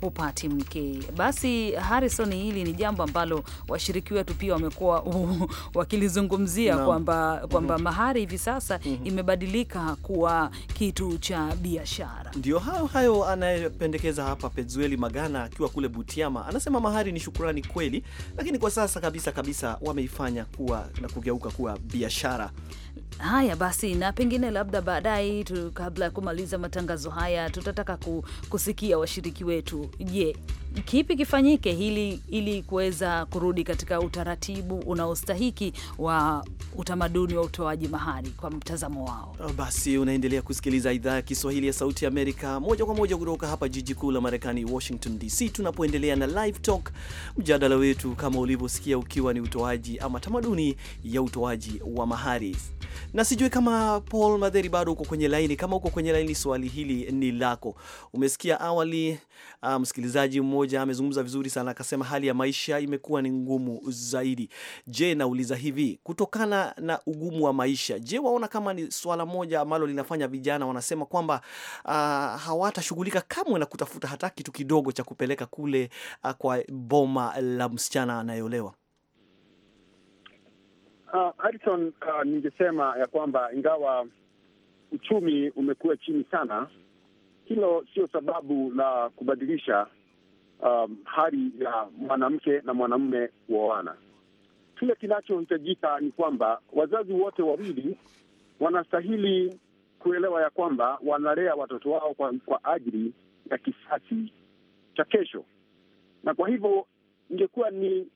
B: hupati mke. Basi Harrison, hili ni jambo ambalo washiriki wetu pia wamekuwa
A: wakilizungumzia no. kwamba
B: kwamba mm -hmm. mahari hivi sasa mm -hmm. imebadilika kuwa kitu cha biashara.
A: Ndio hayo hayo anayependekeza hapa pezueli Magana akiwa kule Butiama, anasema mahari ni shukurani kweli, lakini kwa sasa kabisa kabisa wameifanya kuwa na kugeuka kuwa biashara.
B: Haya basi, na pengine labda baadaye, kabla ya kumaliza matangazo haya, tutataka kusikia washiriki wetu. Je, kipi kifanyike hili ili kuweza kurudi katika utaratibu unaostahiki wa utamaduni wa utoaji mahari kwa mtazamo wao. Oh,
A: basi unaendelea kusikiliza idhaa ya Kiswahili ya Sauti Amerika moja kwa moja kutoka hapa jiji kuu la Marekani, Washington DC, tunapoendelea na Live Talk, mjadala wetu kama ulivyosikia ukiwa ni utoaji ama tamaduni ya utoaji wa mahari. Na sijui kama Paul Madheri bado uko kwenye laini. Kama uko kwenye laini, swali hili ni lako. Umesikia awali ah, msikilizaji um, mmoja amezungumza vizuri sana, akasema hali ya maisha imekuwa ni ngumu zaidi. Je, nauliza hivi, kutokana na ugumu wa maisha, je, waona kama ni swala moja ambalo linafanya vijana wanasema kwamba uh, hawatashughulika kamwe na kutafuta hata kitu kidogo cha kupeleka kule uh, kwa boma la msichana anayeolewa?
D: Uh, uh, ningesema ya kwamba ingawa uchumi umekuwa chini sana, hilo sio sababu la kubadilisha um, hali ya mwanamke na mwanamume kuoana. Kile kinachohitajika ni kwamba wazazi wote wawili wanastahili kuelewa ya kwamba wanalea watoto wao kwa, kwa ajili ya kisasi cha kesho, na kwa hivyo ingekuwa ni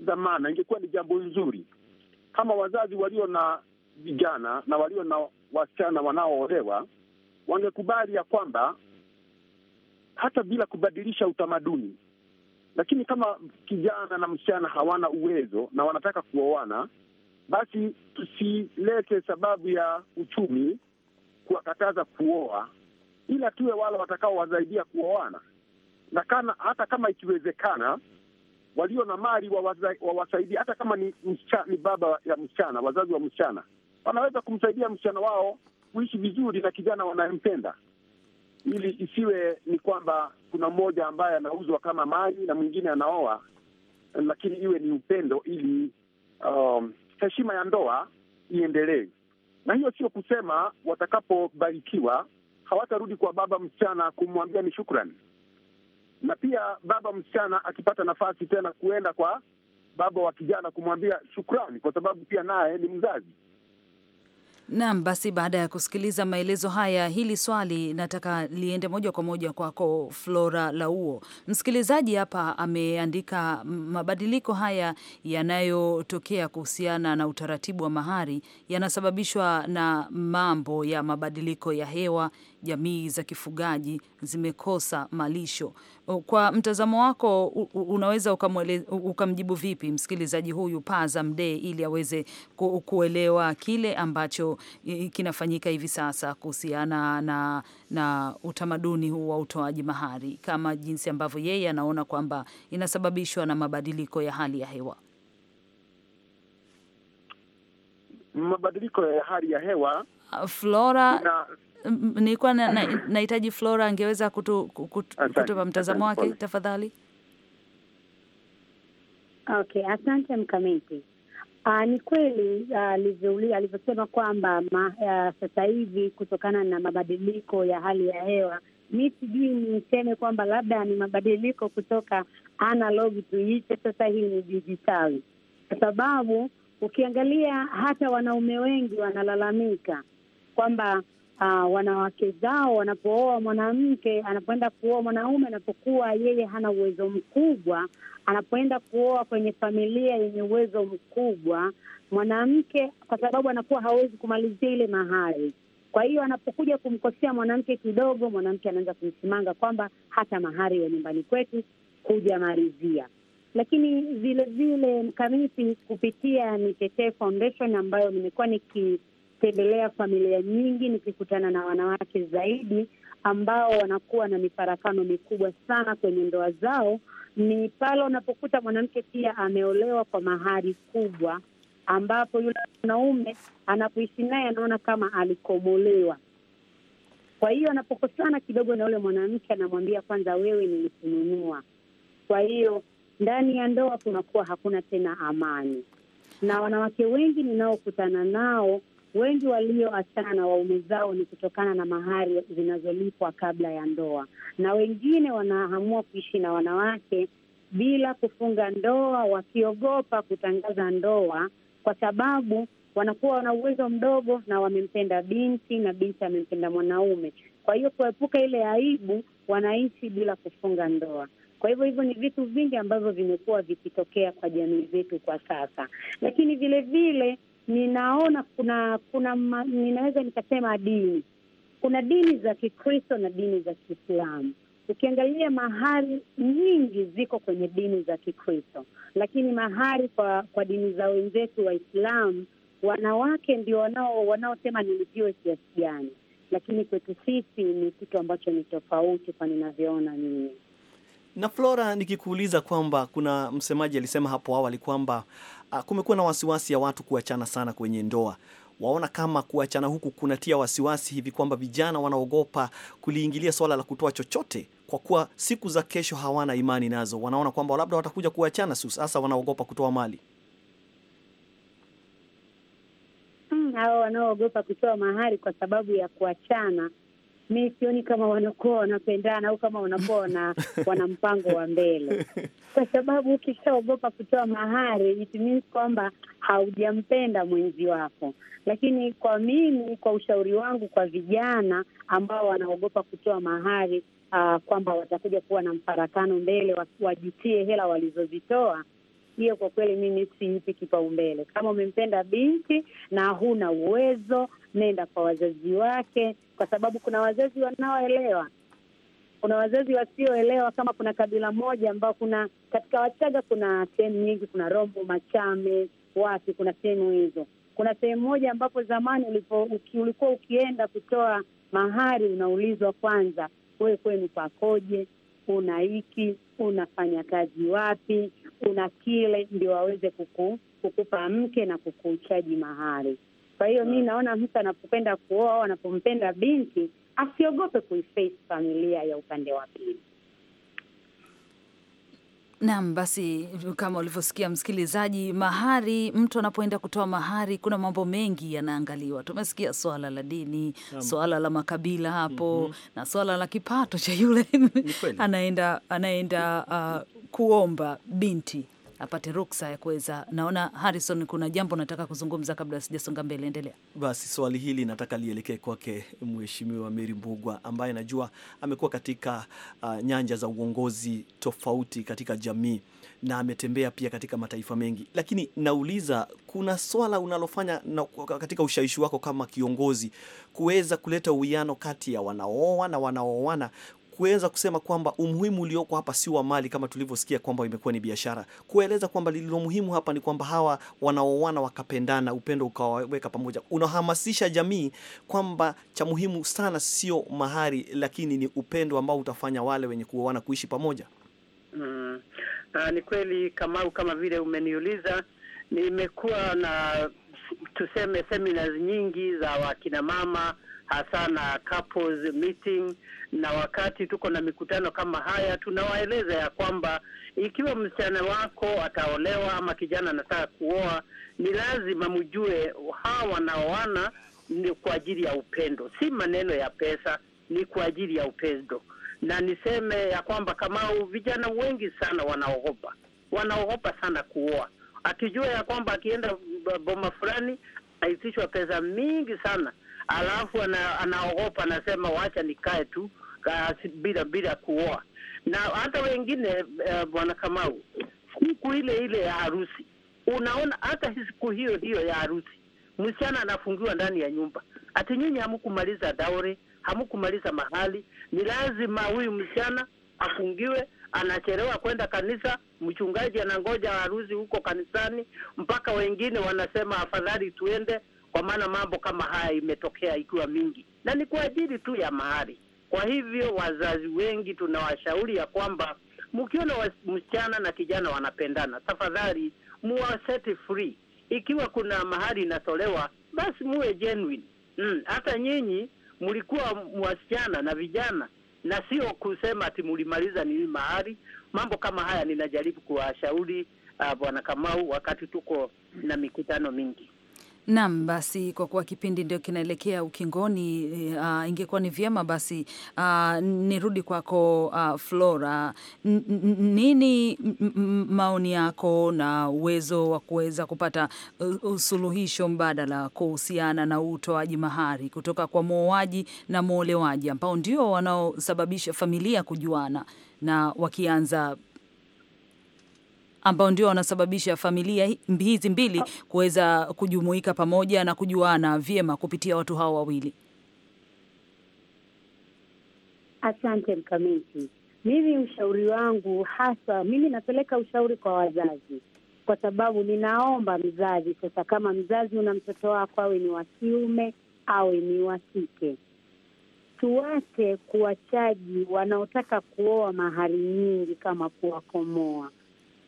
D: dhamana, ingekuwa ni jambo nzuri kama wazazi walio na vijana na walio na wasichana wanaoolewa wangekubali ya kwamba hata bila kubadilisha utamaduni. Lakini kama kijana na msichana hawana uwezo na wanataka kuoana, basi tusilete sababu ya uchumi kuwakataza kuoa, ila tuwe wale watakaowasaidia kuoana, na kana hata kama ikiwezekana walio na mali wawasaidia, hata kama ni, msichana, ni baba ya msichana, wazazi wa msichana wanaweza kumsaidia msichana wao kuishi vizuri na kijana wanayempenda ili isiwe ni kwamba kuna mmoja ambaye anauzwa kama mali na mwingine anaoa, lakini iwe ni upendo, ili um, heshima ya ndoa iendelee. Na hiyo sio kusema watakapobarikiwa hawatarudi kwa baba msichana kumwambia ni shukrani. Na pia baba msichana akipata nafasi tena kuenda kwa baba wa kijana kumwambia shukrani, kwa sababu pia naye ni mzazi.
B: Naam, basi baada ya kusikiliza maelezo haya, hili swali nataka liende moja kwa moja kwako Flora Lauo. Msikilizaji hapa ameandika mabadiliko haya yanayotokea kuhusiana na utaratibu wa mahari yanasababishwa na mambo ya mabadiliko ya hewa jamii za kifugaji zimekosa malisho. Kwa mtazamo wako, unaweza ukamwele, ukamjibu vipi msikilizaji huyu Paza Mdee ili aweze kuelewa kile ambacho kinafanyika hivi sasa kuhusiana na, na utamaduni huu wa utoaji mahari kama jinsi ambavyo yeye anaona kwamba inasababishwa na mabadiliko ya hali ya hewa?
D: Mabadiliko ya hali ya hewa
B: flora na nilikuwa mm-hmm. nahitaji na, Flora angeweza kutu, kutu, kutupa mtazamo wake tafadhali.
G: Okay, asante mkamiti. Uh, ni kweli uh, alivyosema kwamba uh, sasa hivi kutokana na mabadiliko ya hali ya hewa, mi sijui niseme kwamba labda ni mabadiliko kutoka analog tuiite sasa hii ni dijitali, kwa sababu ukiangalia hata wanaume wengi wanalalamika kwamba uh, wanawake zao wanapooa mwanamke, anapoenda kuoa mwanaume, anapokuwa yeye hana uwezo mkubwa, anapoenda kuoa kwenye familia yenye uwezo mkubwa, mwanamke kwa sababu anakuwa hawezi kumalizia ile mahari kwa hiyo anapokuja kumkosea mwanamke kidogo, mwanamke anaanza kumsimanga kwamba hata mahari ya nyumbani kwetu hujamalizia. Lakini vilevile Mkamiti, kupitia Nitetea Foundation ambayo nimekuwa niki nikitembelea familia nyingi, nikikutana na wanawake zaidi ambao wanakuwa na mifarakano mikubwa sana kwenye ndoa zao, ni pale unapokuta mwanamke pia ameolewa kwa mahari kubwa, ambapo yule mwanaume anapoishi naye anaona kama alikomolewa. Kwa hiyo anapokosana kidogo na yule mwanamke, anamwambia kwanza, wewe nilikununua. Kwa hiyo ndani ya ndoa kunakuwa hakuna tena amani, na wanawake wengi ninaokutana nao Wengi walioachana waume zao ni kutokana na mahari zinazolipwa kabla ya ndoa, na wengine wanaamua kuishi na wanawake bila kufunga ndoa, wakiogopa kutangaza ndoa kwa sababu wanakuwa wana uwezo mdogo na wamempenda binti na binti amempenda mwanaume. Kwa hiyo kuepuka ile aibu, wanaishi bila kufunga ndoa. Kwa hivyo hivyo ni vitu vingi ambavyo vimekuwa vikitokea kwa jamii zetu kwa sasa, lakini vilevile ninaona kuna kuna ma, ninaweza nikasema dini, kuna dini za Kikristo na dini za Kiislamu. Ukiangalia mahari nyingi ziko kwenye dini za Kikristo, lakini mahari kwa kwa dini za wenzetu Waislamu, wanawake ndio wanao wanaosema nilipiwe kiasi gani, lakini kwetu sisi ni kitu ambacho ni tofauti kwa ninavyoona mimi. Na Flora,
A: nikikuuliza kwamba kuna msemaji alisema hapo awali kwamba Ah, kumekuwa na wasiwasi ya watu kuachana sana kwenye ndoa. Waona kama kuachana huku kunatia wasiwasi hivi kwamba vijana wanaogopa kuliingilia swala la kutoa chochote kwa kuwa siku za kesho hawana imani nazo, wanaona kwamba labda watakuja kuachana, sasa wanaogopa kutoa mali
G: mm, hao wanaoogopa kutoa mahari kwa sababu ya kuachana mi sioni kama wanakuwa wanapendana au kama wanakuwa wana, wana mpango wa mbele, kwa sababu ukishaogopa kutoa mahari it means kwamba haujampenda mwenzi wako. Lakini kwa mimi, kwa ushauri wangu kwa vijana ambao wanaogopa kutoa mahari uh, kwamba watakuja kuwa na mfarakano mbele, wajitie hela walizozitoa hiyo kwa kweli mimi siipi kipaumbele. Kama umempenda binti na huna uwezo, nenda kwa wazazi wake, kwa sababu kuna wazazi wanaoelewa, kuna wazazi wasioelewa. Kama kuna kabila moja ambao kuna katika Wachaga, kuna sehemu nyingi, kuna Rombo, Machame, wapi, kuna sehemu hizo. Kuna sehemu moja ambapo zamani uki, ulikuwa ukienda kutoa mahari unaulizwa kwanza, wewe kwenu pakoje, una hiki, unafanya kazi wapi, una kile, ndio waweze kuku, kukupa mke na kukuchaji mahari. Kwa hiyo mi ah. naona mtu anapopenda kuoa au anapompenda binti asiogope kuiface familia ya upande wa pili.
B: Naam, basi kama ulivyosikia msikilizaji, mahari, mtu anapoenda kutoa mahari, kuna mambo mengi yanaangaliwa. Tumesikia swala la dini, swala la makabila hapo, mm -hmm. na swala la kipato cha yule anaenda anaenda uh, kuomba binti apate ruksa ya kuweza. Naona Harrison, kuna jambo nataka kuzungumza kabla sijasonga mbele, endelea.
A: Basi swali hili nataka lielekee kwake Mheshimiwa Meri Mbugwa ambaye najua amekuwa katika uh, nyanja za uongozi tofauti katika jamii na ametembea pia katika mataifa mengi, lakini nauliza, kuna swala unalofanya na katika ushawishi wako kama kiongozi kuweza kuleta uwiano kati ya wanaooa na wanaoana kuweza kusema kwamba umuhimu ulioko hapa si wa mali kama tulivyosikia kwamba imekuwa ni biashara, kueleza kwamba lililo muhimu hapa ni kwamba hawa wanaoana wakapendana, upendo ukawaweka pamoja. Unahamasisha jamii kwamba cha muhimu sana sio mahari, lakini ni upendo ambao utafanya wale wenye kuoana kuishi pamoja.
C: Mm. Aa, ah, ni kweli Kamau, kama vile umeniuliza, nimekuwa na tuseme seminars nyingi za wakina mama hasa na couples meeting na wakati tuko na mikutano kama haya, tunawaeleza ya kwamba ikiwa msichana wako ataolewa ama kijana anataka kuoa, ni lazima mjue hawa wanaoana ni kwa ajili ya upendo, si maneno ya pesa, ni kwa ajili ya upendo. Na niseme ya kwamba Kamau, vijana wengi sana wanaogopa, wanaogopa sana kuoa, akijua ya kwamba akienda boma fulani aitishwa pesa mingi sana, alafu anaogopa, anasema wacha nikae tu uh, bila bila kuoa, na hata wengine eh, bwana uh, Kamau, siku ile ile ya harusi, unaona hata siku hiyo hiyo ya harusi msichana anafungiwa ndani ya nyumba, ati nyinyi hamkumaliza daure, hamkumaliza mahali, ni lazima huyu msichana afungiwe anachelewa kwenda kanisa, mchungaji anangoja harusi huko kanisani, mpaka wengine wanasema afadhali tuende, kwa maana mambo kama haya imetokea ikiwa mingi, na ni kwa ajili tu ya mahali. Kwa hivyo wazazi wengi tunawashauri ya kwamba mkiona msichana na kijana wanapendana, tafadhali muwaseti free. Ikiwa kuna mahali inatolewa, basi muwe genuine. Mm, hata nyinyi mlikuwa wasichana na vijana na sio kusema ati mlimaliza nini mahali. Mambo kama haya ninajaribu kuwashauri uh, Bwana Kamau wakati tuko na mikutano mingi.
B: Nam, basi kwa kuwa kipindi ndio kinaelekea ukingoni, uh, ingekuwa ni vyema basi, uh, nirudi kwako uh, Flora, n nini maoni yako na uwezo wa kuweza kupata uh, uh, suluhisho mbadala kuhusiana na utoaji mahari kutoka kwa mwoaji na mwolewaji ambao ndio wanaosababisha familia kujuana na wakianza ambao ndio wanasababisha familia hizi mbili kuweza kujumuika pamoja na kujuana vyema kupitia watu hao wawili.
G: Asante mkamiti. Mimi ushauri wangu hasa, mimi napeleka ushauri kwa wazazi, kwa sababu ninaomba mzazi sasa, kama mzazi una mtoto wako, awe ni wa kiume awe ni wa kike, kuwachaji wanaotaka kuoa mahari nyingi kama kuwakomoa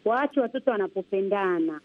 G: waache watoto wanapopendana,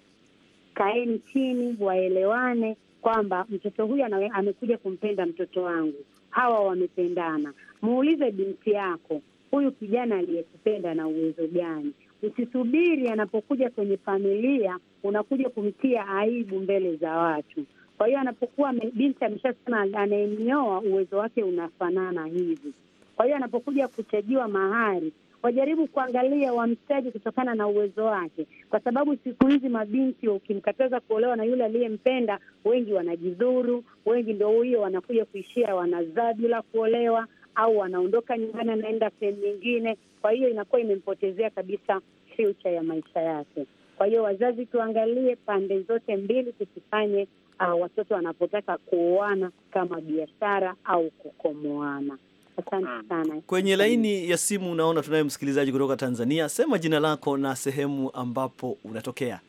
G: kaeni chini, waelewane kwamba mtoto huyu amekuja kumpenda mtoto wangu, hawa wamependana. Muulize binti yako, huyu kijana aliyekupenda na uwezo gani? Usisubiri anapokuja kwenye familia unakuja kumtia aibu mbele za watu. Kwa hiyo anapokuwa binti ameshasema anayemnyoa uwezo wake unafanana hivi, kwa hiyo anapokuja kuchajiwa mahari wajaribu kuangalia wamtaji kutokana na uwezo wake, kwa sababu siku hizi mabinti ukimkataza kuolewa na yule aliyempenda, wengi wanajidhuru. Wengi ndo huyo wanakuja kuishia wanazaa bila kuolewa, au wanaondoka nyumbani, anaenda sehemu nyingine. Kwa hiyo inakuwa imempotezea kabisa future ya maisha yake. Kwa hiyo wazazi, tuangalie pande zote mbili, tusifanye uh, watoto wanapotaka kuoana kama biashara au kukomoana. Asante mm. sana. Kwenye laini
A: ya simu unaona tunaye msikilizaji kutoka Tanzania. Sema jina lako na sehemu ambapo unatokea.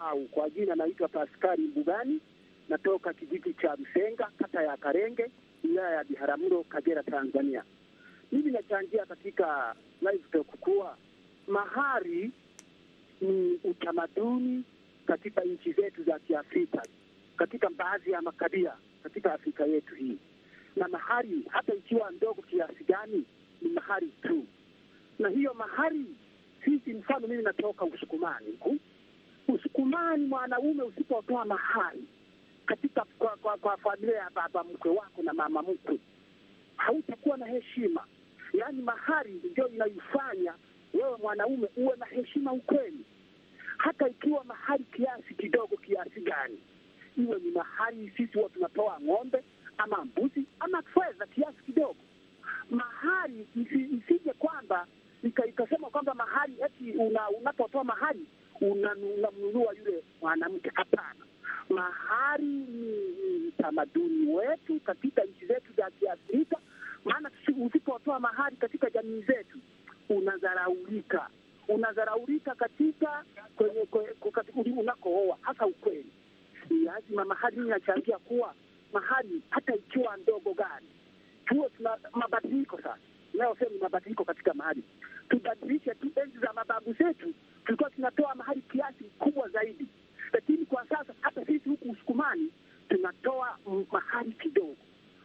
F: Au kwa jina naitwa Paskari Mbugani, natoka kijiji cha Msenga, kata ya Karenge, wilaya ya Biharamulo, Kagera, Tanzania. Mimi nachangia katika live talk kuwa mahari ni utamaduni katika nchi zetu za Kiafrika katika baadhi ya makabila katika Afrika yetu hii, na mahari hata ikiwa ndogo kiasi gani, ni mahari tu. Na hiyo mahari sisi, mfano mimi natoka Usukumani huku Usukumani, mwanaume usipotoa mahari katika kwa, kwa, kwa familia ya baba mkwe wako na mama mkwe hautakuwa na heshima. Yaani mahari ndio inaifanya wewe mwanaume uwe na heshima ukweli, hata ikiwa mahari kiasi kidogo kiasi gani iwe ni mahali sisi huwa tunatoa ng'ombe ama mbuzi ama fedha kiasi kidogo, mahali isije kwamba ikasema kwamba mahali eti unapotoa mahali unamnunua yule mwanamke. Hapana, mahali ni utamaduni wetu katika nchi zetu za Kiafrika, maana usipotoa mahali katika jamii zetu unadharaulika, unadharaulika katika kwenye, kwenye, kwenye unakooa hasa ukweli ni lazima mahali inachangia kuwa mahali hata ikiwa ndogo gani, tuwe tuna mabadiliko sasa inayosema ni mabadiliko katika mahali, tubadilishe tu. Enzi za mababu zetu tulikuwa tunatoa mahali kiasi kubwa zaidi, lakini kwa sasa hata sisi huku Usukumani tunatoa mahali kidogo,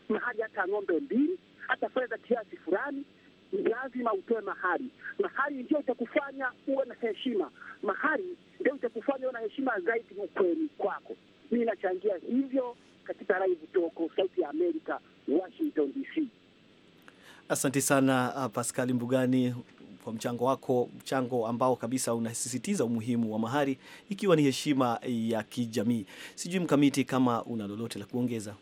F: mahali hata ng'ombe mbili, hata fedha kiasi fulani ni lazima utoe mahali. Mahali ndio itakufanya uwe na heshima, mahali ndio itakufanya uwe na heshima zaidi ukweni kwako hii inachangia hivyo. Katika live toko Sauti ya Amerika, Washington DC.
A: Asante sana uh, Paskali Mbugani kwa mchango wako, mchango ambao kabisa unasisitiza umuhimu wa mahari ikiwa ni heshima ya kijamii. Sijui Mkamiti kama una lolote la kuongeza.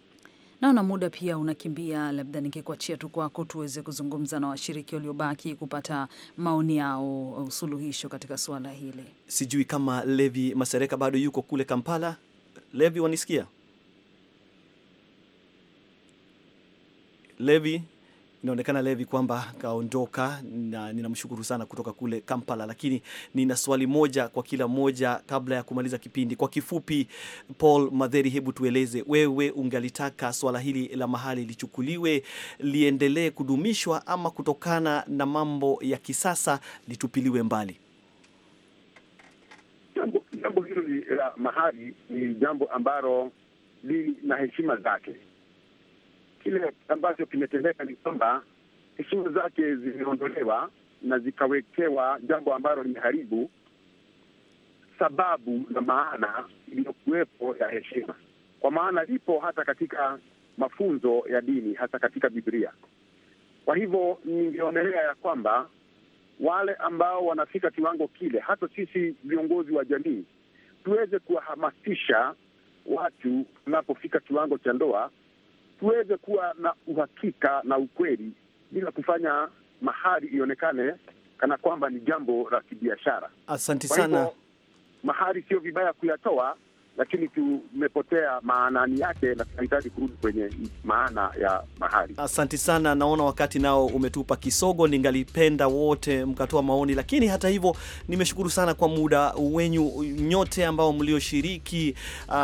B: Naona muda pia unakimbia, labda ningekuachia tu kwako tuweze kuzungumza na washiriki waliobaki kupata maoni yao, uh, suluhisho katika suala hili.
A: Sijui kama Levi Masereka bado yuko kule Kampala. Levi, wanisikia? Levi, inaonekana Levi kwamba kaondoka, na ninamshukuru sana kutoka kule Kampala, lakini nina swali moja kwa kila mmoja kabla ya kumaliza kipindi. Kwa kifupi, Paul Madheri, hebu tueleze wewe, ungalitaka swala hili la mahali lichukuliwe, liendelee kudumishwa, ama kutokana na mambo ya kisasa litupiliwe mbali?
D: kila mahali ni jambo ambalo lina heshima zake. Kile ambacho kimetendeka ni kwamba heshima zake zimeondolewa na zikawekewa jambo ambalo limeharibu sababu na maana iliyokuwepo ya heshima, kwa maana lipo hata katika mafunzo ya dini, hasa katika Biblia. Kwa hivyo ningeonelea ya kwamba wale ambao wanafika kiwango kile, hata sisi viongozi wa jamii tuweze kuwahamasisha watu unapofika kiwango cha ndoa, tuweze kuwa na uhakika na ukweli, bila kufanya mahari ionekane kana kwamba ni jambo la kibiashara.
A: Asante sana.
D: Mahari sio vibaya kuyatoa, lakini tumepotea maanani yake na tunahitaji kurudi kwenye
A: maana ya mahali. Asanti sana, naona wakati nao umetupa kisogo. Ningalipenda wote mkatoa maoni, lakini hata hivyo nimeshukuru sana kwa muda wenyu nyote ambao mlioshiriki, uh,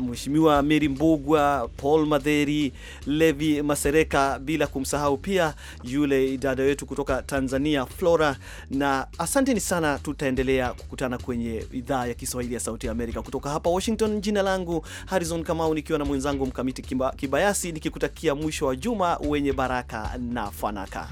A: Mheshimiwa Meri Mbugwa, Paul Madheri, Levi Masereka, bila kumsahau pia yule dada wetu kutoka Tanzania Flora, na asanteni sana. Tutaendelea kukutana kwenye idhaa ya Kiswahili ya Sauti ya Amerika kutoka hapa Washington Washington. Jina langu Harrison Kamau, nikiwa na mwenzangu Mkamiti Kibayasi, nikikutakia mwisho wa juma wenye baraka na fanaka.